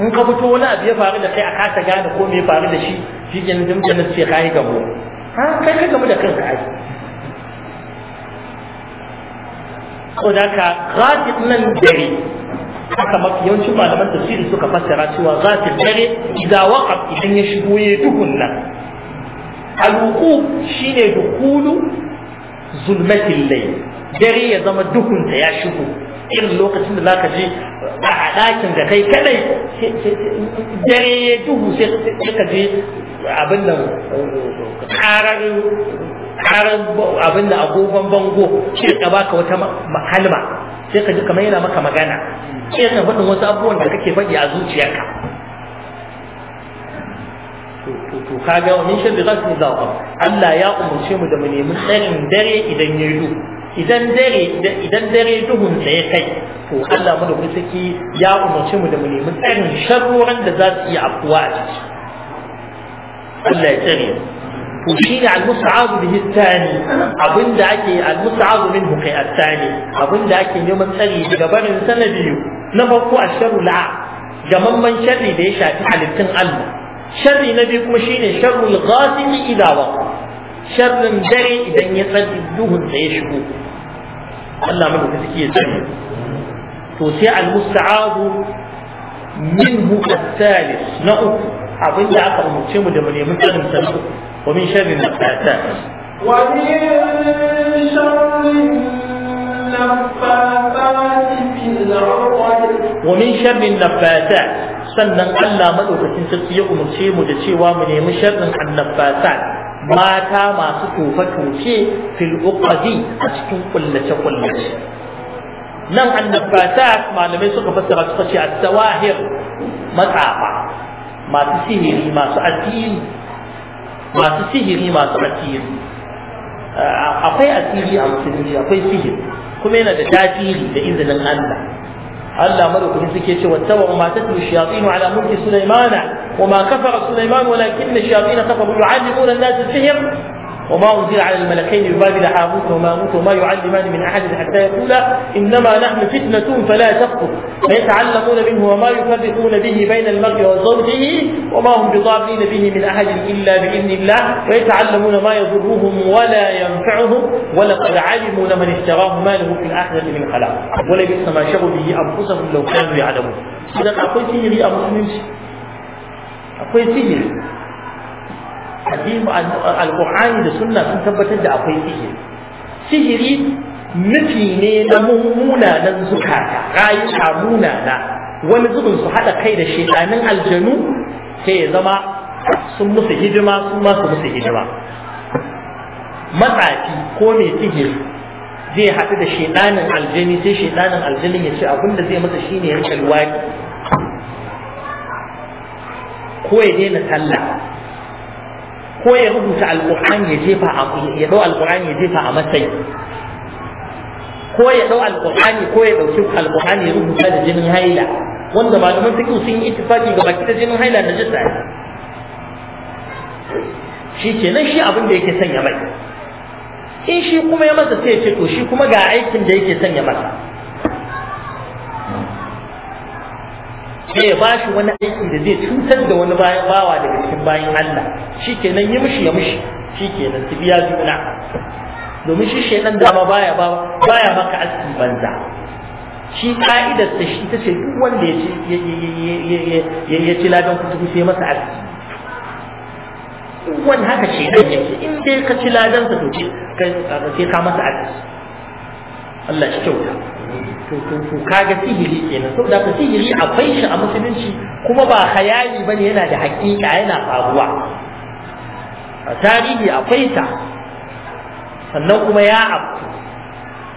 in ka fito wani abu ya faru da kai a kasa gane ko me faru da shi shi ke nan mutane ce kai gabo ha kai ka gamu da kanka ai ko da ka ghafiq nan dare haka mafi yawancin malaman tafsiri suka fassara cewa ghafiq dare idan waqaf idan ya shigo ya duhun nan al shine dukulu zulmatil lai dare ya zama duhun ya shigo irin lokacin da za ka je a ɗakin da kai kadai dare ya duhu sai ka je abin da karar karar abin da agogon bango sai ka baka wata makalma sai ka ji kamar yana maka magana sai ka faɗin wasu abubuwan da kake faɗi a zuciyarka to kaga min sharri yi idha Allah ya umurce mu da mu nemi tsarin dare idan ya yi duhu idan dare idan dare duhun da ya kai to Allah mu da ku saki ya umarci mu da mu nemi tsarin sharroran da za su iya afkuwa a ciki Allah ya tsare to shine al-mus'ab bihi tsani abinda ake al-mus'ab minhu kai tsani abinda ake neman tsari daga barin sanadi na farko asharu la gamamman sharri da ya shafi halittun Allah sharri na biyu kuma shine sharrul ghasimi idza sharrin dare idan ya tsadi duhun da ya shigo Allah mu da suke sani to sai al-musta'abu minhu al-thalith na uku abin da aka umarce mu da mu nemi tsarin sa wa min sharri nafasat wa min sharri ومن شر النفاثات sannan Allah madaukakin sarki ya umarce mu da cewa mu nemi sharrin annafasat mata masu tofe-tofe fil uqadi a cikin kullace-kullace nan annabata malamai suka fassara suka ce at-tawahir matsafa masu sihiri masu asiri masu sihiri masu asiri akwai asiri a musulmi akwai sihiri kuma yana da tasiri da izinin Allah Allah madaukakin suke cewa tawa ma tatlu shayatin ala mulki sulaimana وما كفر سليمان ولكن الشياطين كفروا يعلمون الناس السحر وما أنزل على الملكين ببابل حاموت وماموت وما يعلمان من أحد حتى يقولا إنما نحن فتنة فلا تكفر فيتعلمون منه وما يفرقون به بين المرء وزوجه وما هم بضارين به من أحد إلا بإذن الله ويتعلمون ما يضرهم ولا ينفعهم ولقد علموا لمن اشتراه ماله في الآخرة من خلاق ولبئس ما شروا به أنفسهم لو كانوا يعلمون. إذا أقول فيه أمر akwai sihiri hadisi alqur'ani da sunna sun tabbatar da akwai sihiri sihiri nufi ne na munanan zukata rayuka munana wani zubin su haɗa kai da shedanin aljanu sai ya zama sun musu hidima sun ma su musu hidima matsafi ko mai sihir zai haɗu da shedanin aljani sai shedanin aljanin ya ce abinda zai masa shine ya rike luwaki ko ya daina sallah ko ya rubuta alƙur'ani ya jefa ya dau alƙur'ani ya jefa a matsayi ko ya dau alƙur'ani ko ya dauki alƙur'ani ya rubuta da jinin haila wanda malaman fiqh sun yi ittifaqi ga baki da jinin haila da jissa shi kenan shi abin da yake sanya mai in shi kuma ya masa sai ya ce to shi kuma ga aikin da yake sanya masa sai ya bashi wani aiki da zai cutar da wani bayan bawa daga cikin bayan Allah shikenan yi mishi ya mishi shikenan su biya juna domin shi shedan dama baya ba baya maka aski banza shi ka'idar ta shi ta ce duk wanda ya ci ya ci ladan kutubu sai masa aski wani haka ce dan yake in dai ka ci ladan sa to ce sai ka masa aski Allah shi kyauta to kaga sihiri kenan saboda ka sihiri akwai shi a musulunci kuma ba hayali bane yana da haƙiƙa yana faruwa a tarihi akwai ta sannan kuma ya afku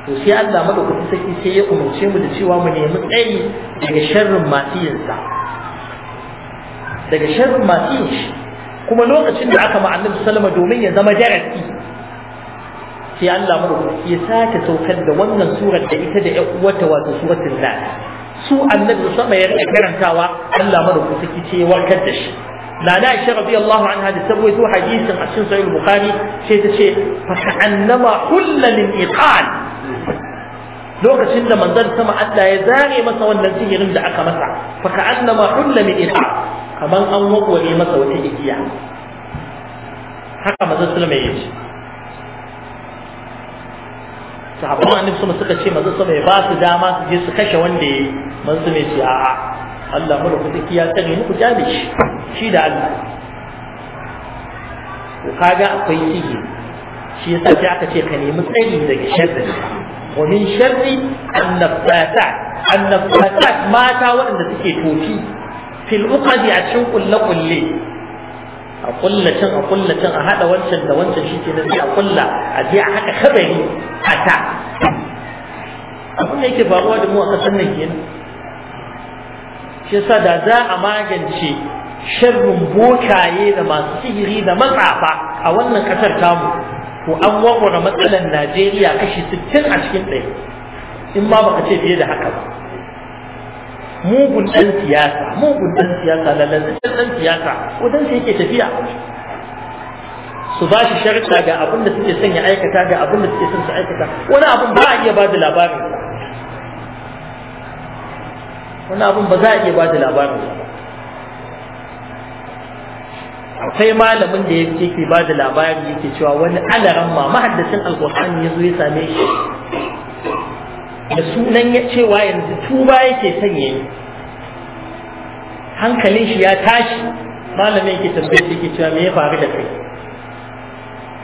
to sai Allah madaukakin sarki sai ya umarce mu da cewa mu nemi tsayi daga sharrin masu daga sharrin kuma lokacin da aka ma annabi sallama domin ya zama darasi sai Allah ya sake saukar da wannan surar da ita da ƴan uwarta wato suratul nas su annabi sama ya rika karantawa Allah madaukaki ce warkar da shi nana Aisha radiyallahu anha da saboda hadisin a cikin sahih bukhari sai ta ce fa ka'annama hulla lil iqal lokacin da manzon sama Allah ya zare masa wannan sihirin da aka masa fa ka'annama hulla lil iqal kaman an wakwale masa wata igiya haka manzon sallama ya ce sahabban annabi sama suka ce manzo sama ya ba su dama su je su kashe wanda ya yi manzo mai ce Allah mu da ku take ya tsare muku jami shi shi da Allah ko kaga akwai sihi shi yasa sai aka ce ka nemi tsari daga sharri wa min sharri annafata annafata mata waɗanda suke tofi fil uqadi a cikin kulle kulle a kulla can a kulla can a haɗa wancan da wancan shi ke nan a kulla a je a haka kabari a ta abin da yake faruwa da mu a ƙasar nan kenan shi yasa da za a magance sharrin bokaye da masu sihiri da matsafa a wannan ƙasar tamu ko an warware matsalar Najeriya kashi sittin a cikin ɗaya in ma baka ce fiye da haka ba mugun ɗan siyasa mugun ɗan siyasa lalataccen ɗan siyasa wajen sai yake tafiya su ba shi sharuɗa ga abin da suke son ya aikata ga abin da suke son su aikata wani abin ba a iya ba da labarin wani abin ba za a iya ba da labarin akwai malamin da yake ba da labari yake cewa wani alaran ma mahaddacin alkur'ani ya zo ya same shi da sunan ya cewa yanzu tuba yake son yi hankalin shi ya tashi malamin yake tambaye shi yake cewa me ya faru da kai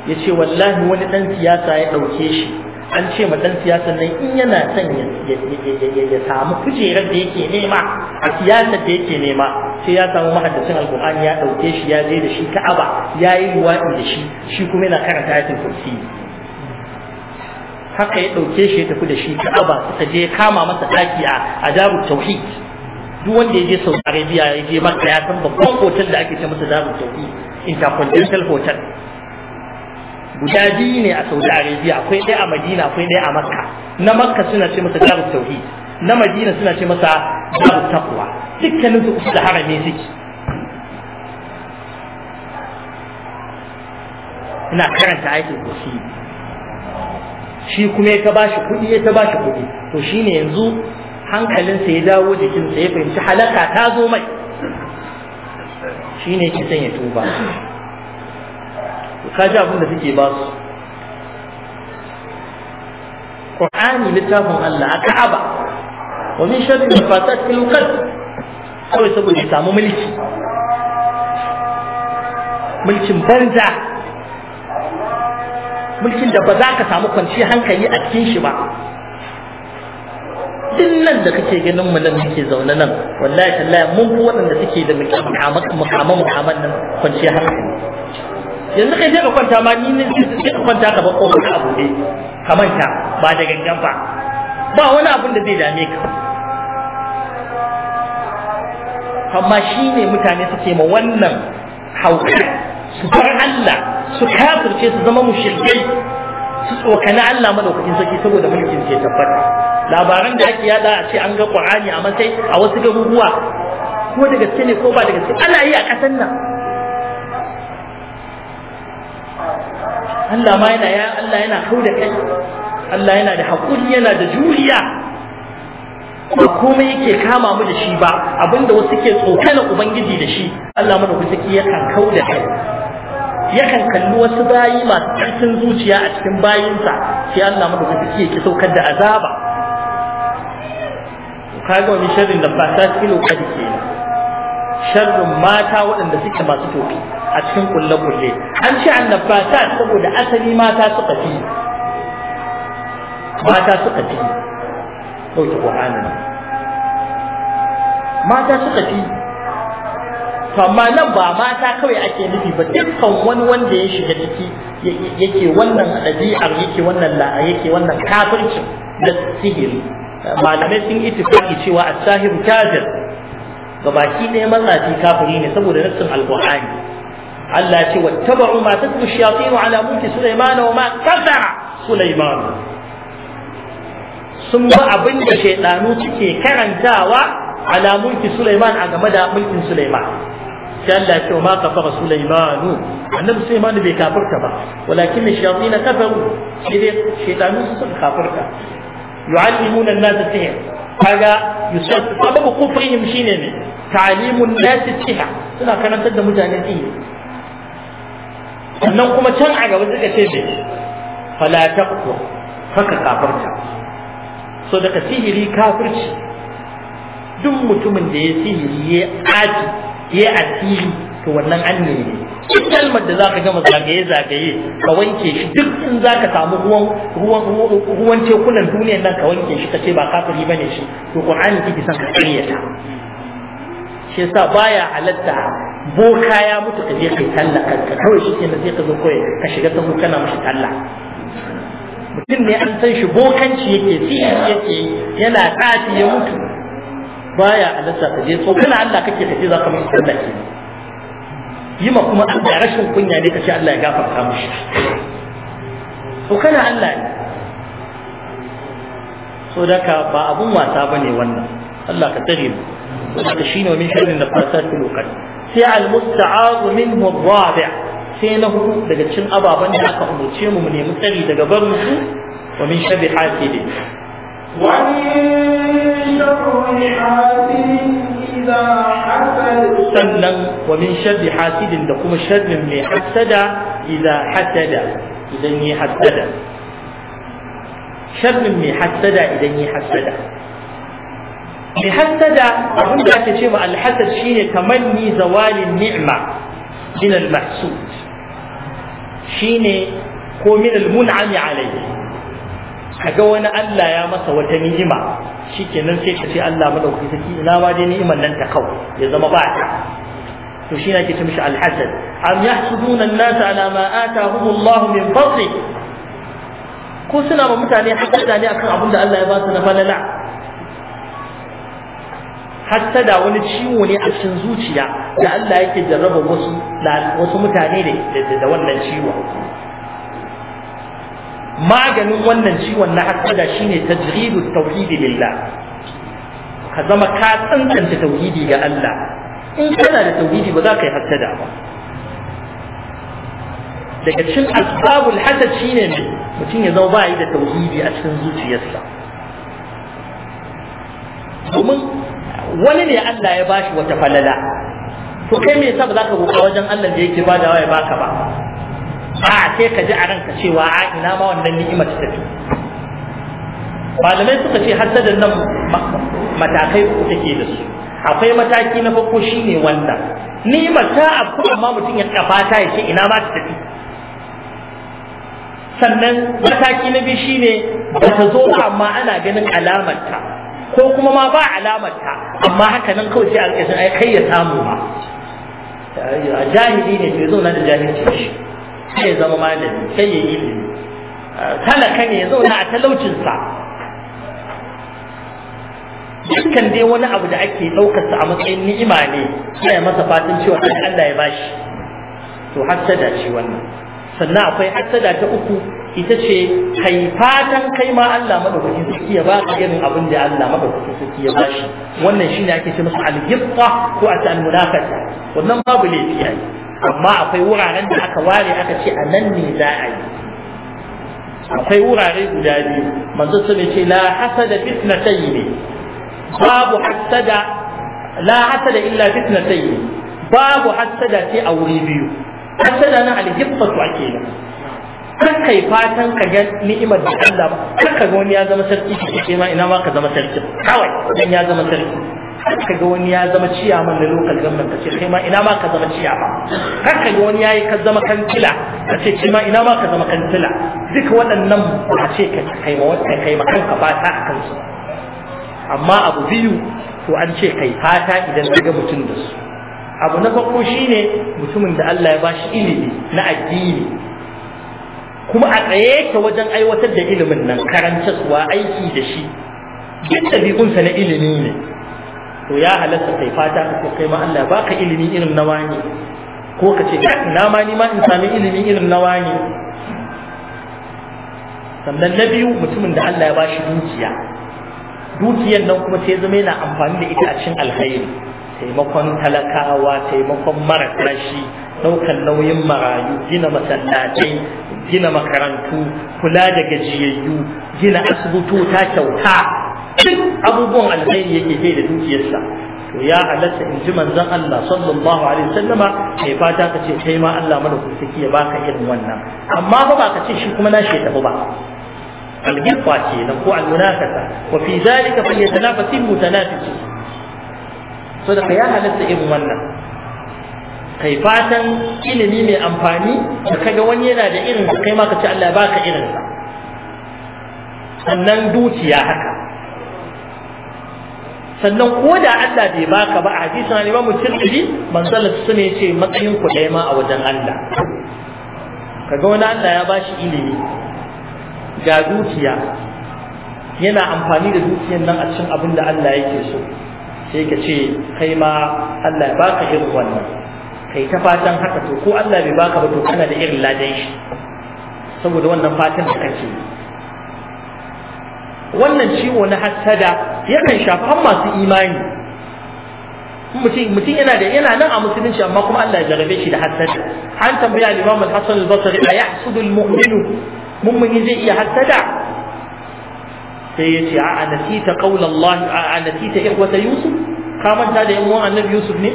ya ce wallahi wani dan siyasa ya ɗauke shi an ce ma dan siyasan nan in yana son ya samu kujerar da yake nema a siyasar da yake nema sai ya samu mahaddacin alkur'ani ya ɗauke shi ya je da shi ka'aba ya yi luwaɗi da shi shi kuma yana karanta ayatul kursi haka ya ɗauke shi ya tafi da shi ka'aba ta je kama masa ɗaki a darut tauhid duk wanda ya je saudi arabia ya je maka ya san babban hotel da ake ce masa darut tauhid intercontinental hotel guda biyu ne a saudi arabia akwai ɗaya a madina akwai ɗaya a makka na makka suna ce masa darut tauhid na madina suna ce masa darut takwa dukkanin su da harami suke ina karanta aikin kursi shi kuma ya ta shi kuɗi ya ta shi kuɗi to shi ne yanzu hankalinsa ya dawo jikinsa ya fahimci halaka ta zo mai Shi ne ki ya tuba ka ji abin da suke ba su Qur'ani littafin Allah a Ka'aba wa min da fata cikin lokal kawai saboda ya samu mulki mulkin banza mulkin da ba za ka samu kwanciyar hankali a cikin shi ba din nan da kake ganin mu nan muke zaune nan wallahi tallahi mun fi waɗanda suke da mukamman mukamman nan kwanciyar hankali yanzu kai sai ka kwanta ma ni ne sai ka kwanta ka ba kofar ka abu ne ka manta ba da gangan ba ba wani abun da zai dame ka amma shi ne mutane suke ma wannan haukar su bar Allah su kafirce su zama mushirkai su tsokani Allah madaukakin sarki saboda mulkin ke tabbata labaran da ake yada a ce an ga Qur'ani a matsayi a wasu garuruwa ko da gaske ne ko ba da gaske ana yi a ƙasar nan Allah ma yana ya Allah yana kau da kai Allah yana da haƙuri yana da juriya ba komai yake kama mu da shi ba abinda wasu ke tsokana ubangiji da shi Allah madaukakin sarki kan kau da kai yakan kalli wasu bayi masu ƙarfin zuciya a cikin bayinsa sai Allah madaukaki ki saukar da azaba kaga wani sharrin da fata kilo kadi kenan sharrin mata waɗanda suke masu tofi a cikin kulle-kulle an ce nabata saboda asali mata suka fi mata suka fi ɗauki ƙwa'anin mata suka fi amma nan ba mata kawai ake nufi ba dukkan wani wanda ya shiga ciki yake wannan ɗabi'ar yake wannan la'a yake wannan kafircin da sihiri malamai sun ittifaki cewa as-sahiru kafir gabaki ɗaya mazafi kafiri ne saboda nassin alqur'ani Allah ya ce wattaba'u ma tatlu shayatin ala mulki sulaiman wa ma kafara sulaiman sun ba abin da shaidanu suke karantawa ala mulki Sulaiman a game da mulkin Sulaiman sai Allah ya ce ma fara Sulaimanu annabi Sulaiman bai kafirta ba walakin shayatin kafaru sai dai shaytanu suka kafirta yu'allimuna an-nas sihr kaga yusuf sababu kufrihim shine ne ta'limun nas sihr suna karantar da mutane sihiri sannan kuma can a gaba suka ce ne fala taqwa haka kafirta so daga sihiri kafirci duk mutumin da ya sihiri ya aji Yi addini to wannan an ne duk kalmar da zaka gama zagaye zagaye ka wanke shi duk in zaka samu ruwan ruwan ruwan tekunan duniyar nan ka wanke shi kace ba kafiri bane shi to qur'ani kike san ka karyata shi yasa baya halatta boka ya mutu ka je kai talla ka kawai shi ke sai ka zo kawai ka shiga sahu kana mashi talla mutum ne an san shi bokanci yake sihiri yake yana tsafi ya mutu baya halatta ta je so kana Allah kake kace za ka mishi sallah ke yi ma kuma Allah rashin kunya ne kace Allah ya gafarta mishi so kana Allah ne so da ba abun wasa bane wannan Allah ka tsare mu wanda shine wa min sharrin da fasatu lokal sai al musta'adu minhu ar-rabi' sai na hudu daga cin ababen da aka umurce mu mu nemi tsari daga barin su wa min sharri hasidin sannan wa min sharri hasidin da kuma sharrin mai hasada idza hasada idan yi hasada sharrin mai hasada idan yi hasada mai hasada abin da ake ce ma alhasad shine tamanni zawalin ni'ma min al-mahsud shine ko min al-mun'ami alayhi kaga wani Allah ya masa wata ni'ima shikenan sai ka ce Allah madauki saki ina ba dai ni'imar nan ta kau ya zama ba ta to shi nake ce alhasad am yahsuduna an-nas ala ma atahum Allah min fadli ko suna ba mutane hasada ne akan abin da Allah ya ba su na falala hasada wani ciwo ne a cikin zuciya da Allah yake jarraba wasu wasu mutane da wannan ciwo maganin wannan ciwon na hasada shine tajridu tauhidi lillah ka zama ka tsantsanta tauhidi ga Allah in kana da tauhidi ba za ka yi hasada ba daga cikin asbabul hasad shine ne mutum ya zama ba yi da tauhidi a cikin zuciyarsa domin wani ne Allah ya bashi wata falala to kai me yasa ba za ka roƙa wajen Allah da yake badawa ya baka ba a sai ka ji a ranka cewa a ina ma wannan ni'imar ta tafi malamai suka ce hasadar nan matakai uku take da su akwai mataki na farko shine wanda ni'imar ta afku amma mutum ya kafa ta ya ce ina ma ta tafi sannan mataki na biyu shine ba ta zo ba amma ana ganin alamarta ko kuma ma ba alamarta amma haka nan kawai sai a kai ya samu ba jahili ne bai zo na da jahilci shi sai ya zama malami sai ya yi ilimi talaka ah, ne ya zauna a talaucinsa dukkan dai wani abu da ake ɗaukarsa a matsayin ni'ima ne sai masa fatan cewa kan Allah ya bashi to hassada ce wannan sannan akwai hassada ta uku ita ce kai fatan kai ma Allah madaukakin sarki ya ba ka irin abin da Allah madaukakin sarki ya bashi wannan shine ake ce masa al-gibta ko at-munafata wannan babu laifi ne amma akwai wuraren da aka ware aka ce a nan ne za a yi akwai wurare guda biyu manzo sun ce la hasada ne. babu hasada la hasada illa ne. babu hasada sai a wuri biyu hasada na alhibbatu ake nan kar kai fatan ka ga ni'imar da Allah ba kar ka ga wani ya zama sarki kike ma ina ma ka zama sarki kawai dan ya zama sarki ka ga wani ya zama ciyaman na local government ka ce kai ma ina ma ka zama ciyama kar ka ga wani yayi ka zama kantila ka ce kai ma ina ma ka zama kantila duka waɗannan ba ce ka kai ma wata kai ma kanka a kansu amma abu biyu to an ce kai fata idan ka ga mutum da su abu na farko shine mutumin da Allah ya bashi ilimi na addini kuma a tsaye yake wajen aiwatar da ilimin nan suwa aiki da shi duk ɗabi'unsa na ilimi ne to ya halatta kai fata ka kai ma Allah baka ilimi irin na wani ko ka ce na ma ni ma in sami ilimi irin na wani sannan na biyu mutumin da Allah ya bashi dukiya dukiyar nan kuma sai zama yana amfani da ita a cikin alkhairi taimakon talakawa taimakon mara shi, daukan nauyin marayu gina masallatai gina makarantu kula da gajiyayyu gina asibitota kyauta duk abubuwan alkhairi yake kai da dukiyarsa to ya halatta in ji manzon Allah sallallahu alaihi wasallama kai fata ka ce kai ma Allah mana kusaki ya baka irin wannan amma ba ka ce shi kuma na shi tafi ba alghibba ce nan ko almunafasa wa fi zalika falyatanafasu mutanafisun so da ya halatta irin wannan kai fatan ilimi mai amfani da kaga wani yana da irin kai ma ka ce Allah ya baka irin sa sannan dukiya haka sannan ko da Allah bai baka ba a hadisin an imamu tirmidhi manzala sunne ne ce matsayin ku ɗaya ma a wajen Allah kaga wani Allah ya ba shi ilimi ga dukiya yana amfani da dukiyar nan a cikin abin da Allah yake so sai ka ce kai ma Allah ya baka irin wannan kai ta fatan haka to ko Allah bai baka ba to kana da irin ladan shi saboda wannan fatan da kake yi wannan ciwo na hassada yakan shafi har masu imani mutum mutum yana da yana nan a musulunci amma kuma Allah ya jarabe shi da hassada an tambaya al-Imam al-Hasan al-Basri a yahsudu al-mu'minu mummuni zai iya hassada sai ya ce a nasita qaul Allah a nasita ikhwata Yusuf ka manta da yan uwan Annabi Yusuf ne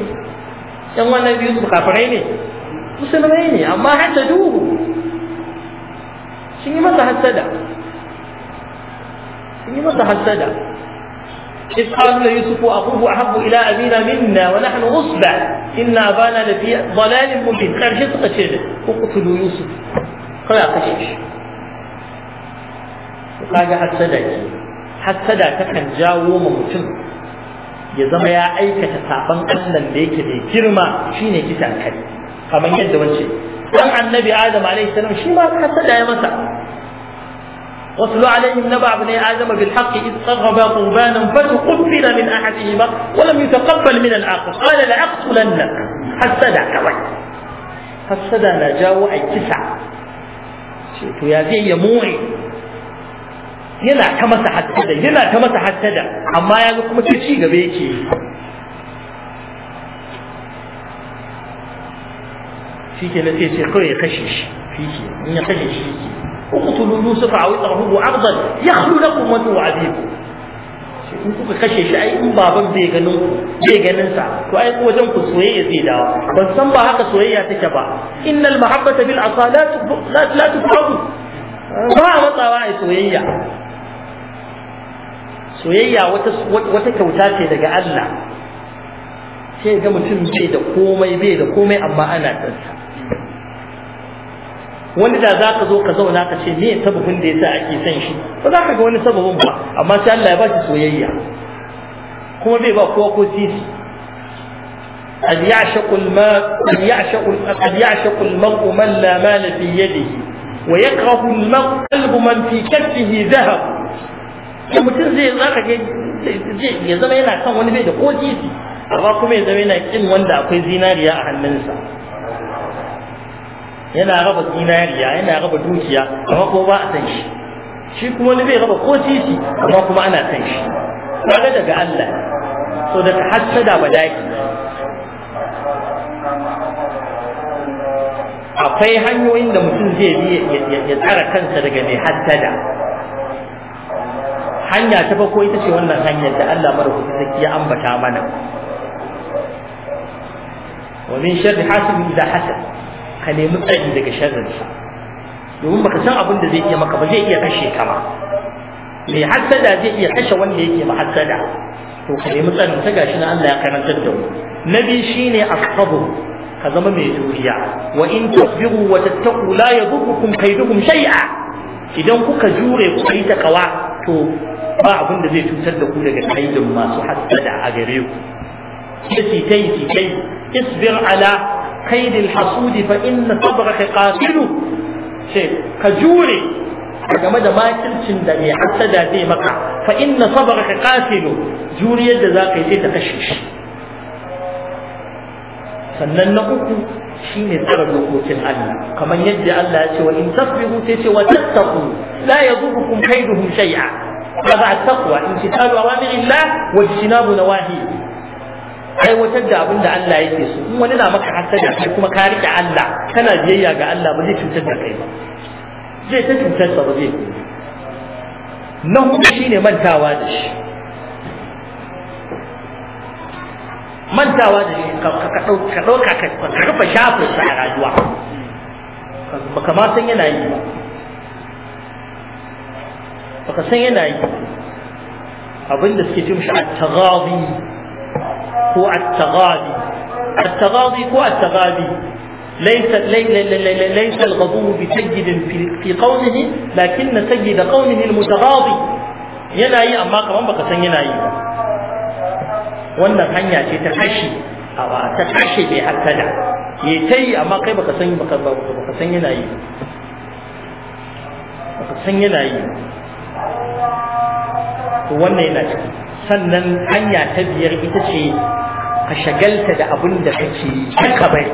yan uwan Annabi Yusuf kafirai ne musulmai ne amma hatta Shin yi masa hassada sun yi masa hasada إذ قالوا ليوسف وأخوه أحب إلى أبينا منا ونحن أصبع إن أبانا لفي ضلال مبين خير شيء تقتل اقتلوا يوسف خلا قشش وقال حسدا حسدا تكن جاو ممتن ya zama ya aikata saban Allah da yake da girma shine kisan kai kamar yadda wance dan annabi Adamu alaihi salam shi ma hasada ya masa وصلوا عليهم نبع ابن آدم بالحق إذ قربا قربانا فتقبل من أحدهما ولم يتقبل من الآخر قال لأقتلنك حسدا كوي حسدا لا جاو أي تسعة شئت يا زي يموعي yana ta masa hassada yana ta masa hassada amma ya ga kuma ta ci gaba yake shi ke na sai ce kawai kashe shi in ya kashe shi اقتلوا يوسف او اطرحوه عرضا يخلو لكم وجه عذيبكم in kuka kashe shi ai in baban bai ganin bai ganin sa to ai ko wajen ku soyayya zai dawo ban san ba haka soyayya take ba innal mahabbata bil asalat la tufadu ba a matsawa ai soyayya soyayya wata wata kyauta ce daga Allah sai ga mutum ce da komai bai da komai amma ana tsansa wani da zaka zo ka zauna ka ce me sababin da yasa ake son shi ba zaka ga wani sababin ba amma sai Allah ya ba shi soyayya kuma bai ba kowa ko sisi قد يعشق الماء قد يعشق قد يعشق المرء من لا مال في يده ويكره المرء قلب من في كفه ذهب mutum zai zaka ga ya zama yana kan wani bai da ko titi amma kuma ya zama yana kin wanda akwai zinariya a hannunsa yana raba zinariya yana raba dukiya amma kuma ba a san shi shi kuma wani bai raba ko titi amma kuma ana san shi kaga daga Allah so daga hassada bala'i akwai hanyoyin da mutum zai bi ya tsara kansa daga mai hasada hanya ta farko ita ce wannan hanyar da Allah madaukakin sarki ya ambata mana ومن شر حاسد إذا حسد ka nemi tsari daga sharrinsa domin baka san abin da zai iya maka ba zai iya kashe ka ma mai hassada zai iya kashe wanda yake ma hasada to ka nemi tsarin ta gashi na Allah ya karantar da mu na biyu shine as ka zama mai juriya wa in tasbiru wa tattaqu la yadurrukum kaydukum shay'a idan kuka jure kuka yi takawa to ba abin da zai cutar da ku daga kaidin masu hassada a gare ku sai sai sai isbir ala كيد الحسود فإن صبرك قاتل شيء كجوري game da makircin da mai hasada zai maka fa inna sabraka qatilu juriyar da zaka yi sai ta kashe shi sannan na uku shine tsara dokokin Allah kamar yadda Allah ya ce wa in tasbihu sai ce wa tattaqu la yadurukum kaiduhum shay'a fa ba taqwa in titalu awamirillah wa jinabu nawahi aiwatar da abin da Allah yake so in wani na maka hasada kai kuma ka rike Allah kana biyayya ga Allah ba zai cutar da kai ba zai ta cutar sa ba zai na hudu shine mantawa da shi mantawa da shi ka ɗauka ka rufe shafin sa a rayuwa baka ma san yana yi ba baka san yana yi abinda suke cin shi a tagazi هو التغاضي التغاضي هو التغاضي ليس ليس الغضو بسيد في قومه لكن سيد قومه المتغاضي yana yi amma kaman baka san yana yi ba wannan hanya ce ta tashi ta tashi bai hakkada ya ta yi amma kai baka san baka baka san yana yi baka san yana yi to wannan yana ciki sannan hanya ta biyar ita ce ka shagalta da abin da kake haka ka bari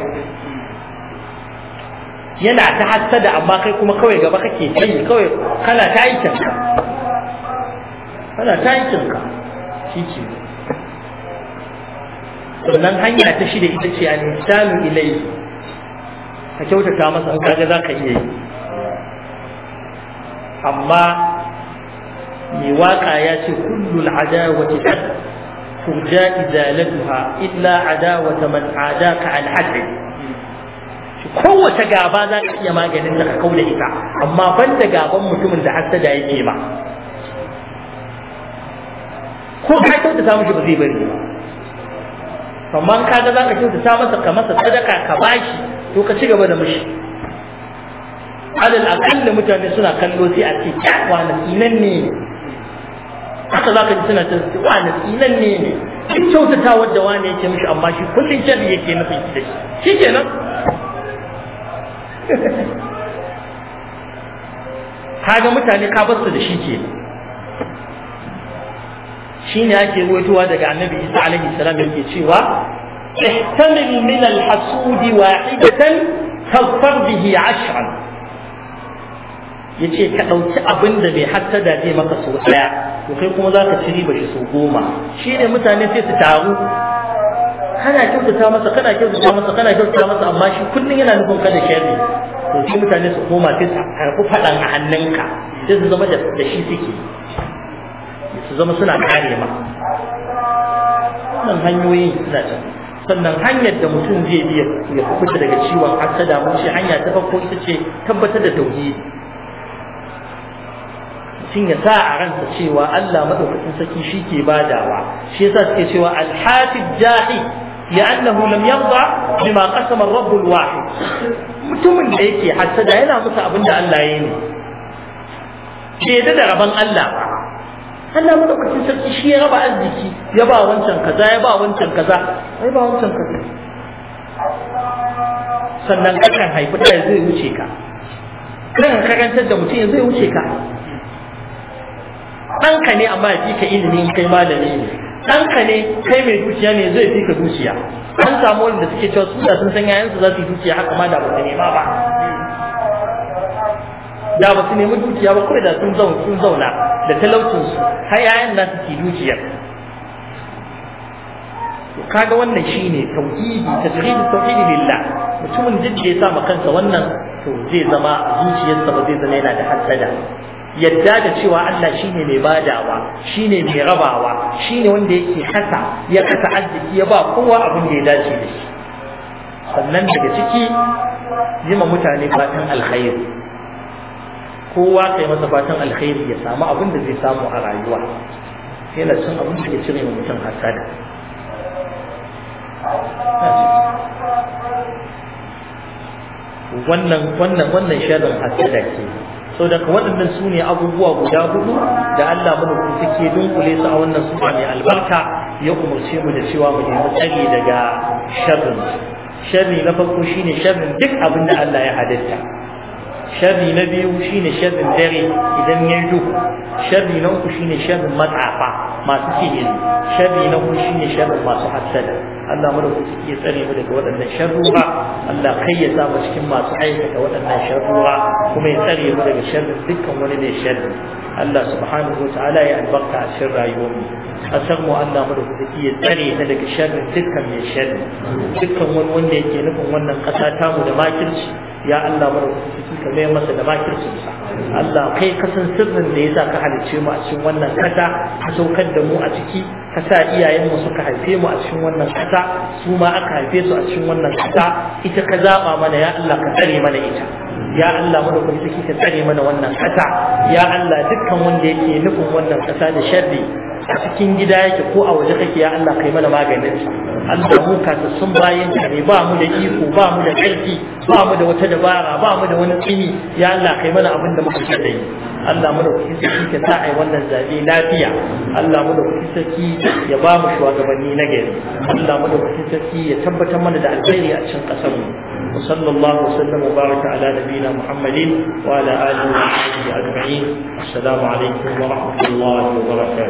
yana ta hassada amma kai kuma kawai gaba kake yi kawai kana ta aikin ka kana ta aikin ka shi ke sannan hanya ta shida ita ce an insanu ilai ka kyautata masa kaga za ka iya yi amma mai waka ya ce kullul adawati had turja izalatuha illa adawata man adaka al'adl kowace gaba za ka iya maganin da ka kauda ita amma ban da gaban mutumin da hasada yake ba ko ka kyautata mishi ba zai bari ba amma ka ga za ka kyautata masa ka masa sadaka ka bashi to ka ci gaba da mishi alal aƙalla mutane suna kallo sai a ce kyawa na inan ne haka za ka ji suna ta su wa tsinan ne ne duk kyautata wadda wani yake mishi amma shi kullum sharri yake nufin shi da shi shi nan. <laughs> kaga mutane ka basu da shi kenan shi ne ake ruwaitowa daga annabi isa alaihi salam yake cewa ihtamil min al-hasudi wahidatan tagfar bihi ashran ya ce ka ɗauki abin da bai da zai maka sau ɗaya to kai kuma za ka ci riba shi sau goma shi ne mutane sai su taru kana kyautata masa kana kyautata masa kana kyautata masa amma shi kullum yana nufin kada da sharri to sai mutane su koma sai su karɓi faɗan a hannunka sai su zama da shi suke su zama suna kare ma wannan hanyoyin suna can sannan hanyar da mutum zai biya ya kuɓuta daga ciwon hasada mun ce hanya ta farko ita ce tabbatar da tauhidi mutum ya sa a ransa cewa Allah madaukakin saki shi ke badawa shi yasa suke cewa al-hafiz jahi لأنه لم يرضى بما قسم الرب الواحد mutumin da yake hassada yana musu abin da Allah ya yi ne bai da rabon Allah Allah madaukakin saki shi ya raba arziki ya ba wancan kaza ya ba wancan kaza ai ba wancan kaza sannan kakan haifi da zai wuce ka kan karantar da mutum zai wuce ka ɗanka ne amma ya fi ka ilimi kai malami ne ɗanka ne kai mai dukiya ne zai fi ka dukiya an samu wanda suke cewa su da sun san yayansu za su yi dukiya haka ma da ba su nema ba da ba su nemi dukiya ba kawai da sun zauna da talaucinsu har yayan na su ke Ka kaga wannan shi ne tauhidi tauhidi tauhidi lillah mutumin da ya sa ma kansa wannan to zai zama zuciyarsa ba zai zama yana da hasada yadda da cewa Allah shine mai badawa shine mai rabawa shine wanda yake kasa ya kasa arziki ya ba kowa abin da ya dace da shi sannan daga ciki yi mutane fatan alkhairi kowa kai masa fatan alkhairi ya samu abin da zai samu a rayuwa yana cin abin da ke cire wa mutum hasada wannan wannan wannan sharrin hasada ke Sau daga waɗannan su ne abubuwa guda hudu da Allah mu ku take dunkule su a wannan sura mai albarka ya umarce mu da cewa mu nemi daga sharrin sharri na farko shine sharrin duk abin da Allah ya halitta sharri na biyu shine sharrin dare idan ya yi duhu sharri na uku shine sharrin matsafa masu sihiri sharri na hudu shine sharrin masu hasada Allah madaukaki ya tsare mu daga waɗannan sharruwa Allah kai ya samu cikin masu aikata waɗannan sharruwa kuma ya tsare mu daga sharrin dukkan wani mai sharri Allah subhanahu wa ta'ala ya albarka a cikin rayuwarmu mu kasar mu Allah madaukaki ya tsare ta daga sharrin dukkan mai sharri dukkan wani wanda yake nufin wannan ƙasa tamu da makirci ya Allah mara ciki ka masa da makircin sa Allah kai ka san sirrin da yasa ka halicce mu a cikin wannan kasa ka saukar da mu a ciki ka sa iyayen mu suka haife mu a cikin wannan kasa su ma aka haife su a cikin wannan kasa ita ka zaba mana ya Allah ka tsare mana ita ya Allah mara ciki ka tsare mana wannan kasa ya Allah dukkan wanda yake nufin wannan kasa da sharri a cikin gida yake ko a waje kake ya Allah kai mana maganin Allah mu ka ta sun bayin ne ba mu da iko ba mu da ƙarfi ba mu da wata dabara ba mu da wani tsini ya Allah kai mana abin da muka ce dai Allah mu da kuɗi sarki ka sa ai wannan zabe lafiya Allah mu da kuɗi sarki ya ba mu shugabanni na gari Allah mu da kuɗi sarki ya tabbatar mana da alheri a cikin ƙasar mu wa وصلى الله وسلم Muhammadin, على نبينا محمد وعلى اله وصحبه اجمعين السلام عليكم ورحمه الله وبركاته